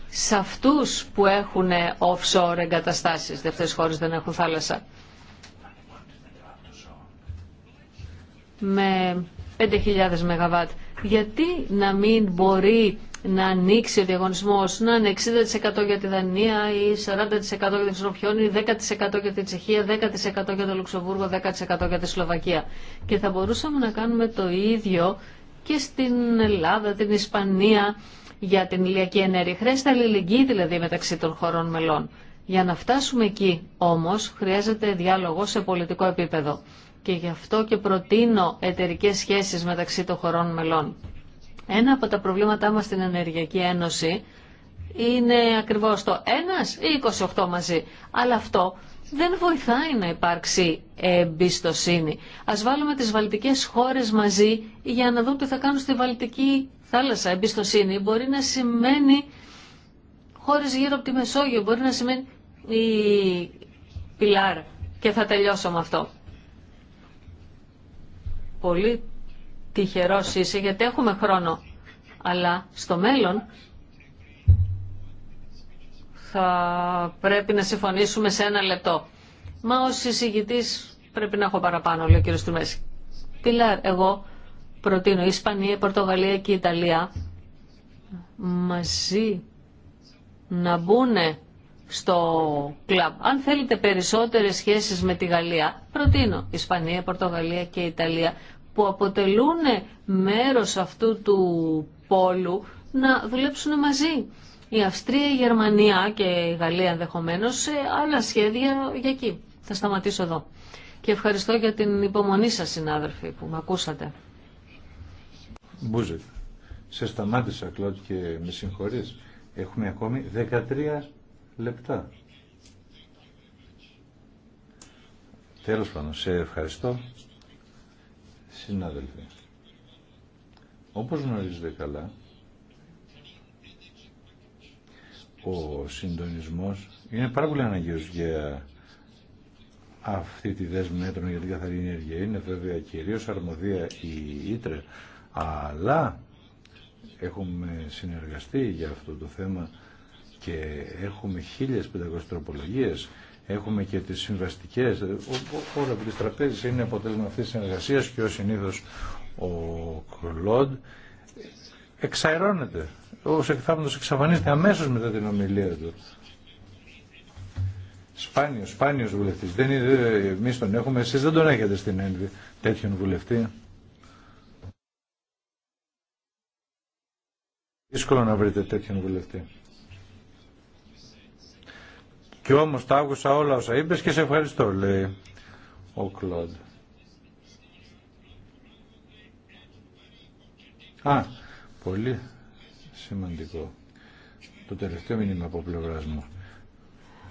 [SPEAKER 1] σε αυτούς που έχουν offshore εγκαταστάσεις. Δεύτερες χώρες δεν έχουν θάλασσα. Με 5.000 ΜΒ. Γιατί να μην μπορεί να ανοίξει ο διαγωνισμός, να είναι 60% για τη Δανία ή 40% για την ή 10% για την Τσεχία, 10% για το Λουξεμβούργο, 10% για τη Σλοβακία. Και θα μπορούσαμε να κάνουμε το ίδιο και στην Ελλάδα, την Ισπανία για την ηλιακή ενέργεια. Χρειάζεται αλληλεγγύη δηλαδή μεταξύ των χωρών μελών. Για να φτάσουμε εκεί όμως χρειάζεται διάλογο σε πολιτικό επίπεδο. Και γι' αυτό και προτείνω εταιρικέ σχέσεις μεταξύ των χωρών μελών. Ένα από τα προβλήματά μας στην Ενεργειακή Ένωση είναι ακριβώς το ένας ή 28 μαζί. Αλλά αυτό δεν βοηθάει να υπάρξει εμπιστοσύνη. Α βάλουμε τις βαλτικέ χώρες μαζί για να δούμε τι θα κάνουν στη βαλτική θάλασσα. Εμπιστοσύνη μπορεί να σημαίνει χώρες γύρω από τη Μεσόγειο, μπορεί να σημαίνει η Πιλάρ. Και θα τελειώσω με αυτό. Πολύ τυχερός είσαι γιατί έχουμε χρόνο. Αλλά στο μέλλον θα πρέπει να συμφωνήσουμε σε ένα λεπτό. Μα ως εισηγητής πρέπει να έχω παραπάνω, λέει ο κύριος Τι Πιλάρ, εγώ προτείνω Ισπανία, Πορτογαλία και η Ιταλία μαζί να μπουν στο κλαμπ. Αν θέλετε περισσότερες σχέσεις με τη Γαλλία, προτείνω Ισπανία, Πορτογαλία και Ιταλία που αποτελούν μέρος αυτού του πόλου να δουλέψουν μαζί η Αυστρία, η Γερμανία και η Γαλλία ενδεχομένω σε άλλα σχέδια για εκεί. Θα σταματήσω εδώ. Και ευχαριστώ για την υπομονή σας συνάδελφοι που με ακούσατε.
[SPEAKER 2] Μπούζε, σε σταμάτησα Κλώτ και με συγχωρείς. Έχουμε ακόμη 13 λεπτά. Τέλος πάντων, σε ευχαριστώ συνάδελφοι. Όπως γνωρίζετε καλά, ο συντονισμός είναι πάρα πολύ αναγκαίος για αυτή τη δέσμη μέτρων για την καθαρή ενέργεια. Είναι βέβαια κυρίως αρμοδία η Ήτρε, αλλά έχουμε συνεργαστεί για αυτό το θέμα και έχουμε 1500 τροπολογίες, έχουμε και τις συμβαστικές, όλα από τις τραπέζες είναι αποτέλεσμα αυτής της συνεργασίας και ο συνήθως ο Κλοντ εξαερώνεται. Ο εκθάμενος εξαφανίζεται αμέσως μετά την ομιλία του. Σπάνιος, σπάνιος βουλευτής. Δεν είναι, εμείς τον έχουμε, εσείς δεν τον έχετε στην ένδυ τέτοιον βουλευτή. Δύσκολο να βρείτε τέτοιον βουλευτή. Κι όμως τα άκουσα όλα όσα είπες και σε ευχαριστώ, λέει ο Κλοντ. Α, Πολύ σημαντικό. Το τελευταίο μήνυμα από πλευρά μου.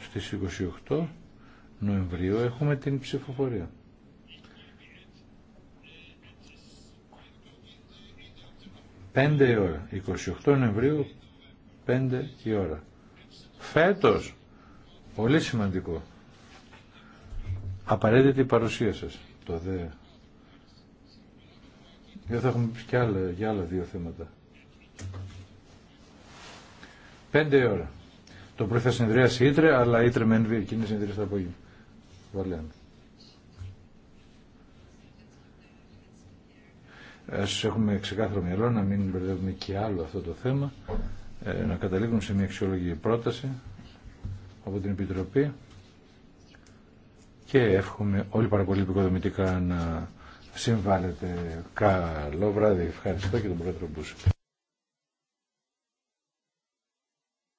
[SPEAKER 2] Στις 28 Νοεμβρίου έχουμε την ψηφοφορία. 5 η ώρα. 28 Νοεμβρίου, 5 η ώρα. Φέτος, πολύ σημαντικό. Απαραίτητη η παρουσία σας. Το δε. Δεν θα έχουμε και άλλα, άλλα δύο θέματα. Πέντε ώρα. Το πρωί θα συνεδριάσει Ήτρε, αλλά Ήτρε με ενβία. Εκείνη συνεδρία στο απόγευμα. Βαλέα Ας έχουμε ξεκάθαρο μυαλό να μην μπερδεύουμε και άλλο αυτό το θέμα, ε, να καταλήγουμε σε μια αξιολογική πρόταση από την Επιτροπή και εύχομαι όλοι πάρα πολύ επικοδομητικά να
[SPEAKER 1] συμβάλλετε. Καλό βράδυ, ευχαριστώ και τον Πρόεδρο Μπούση.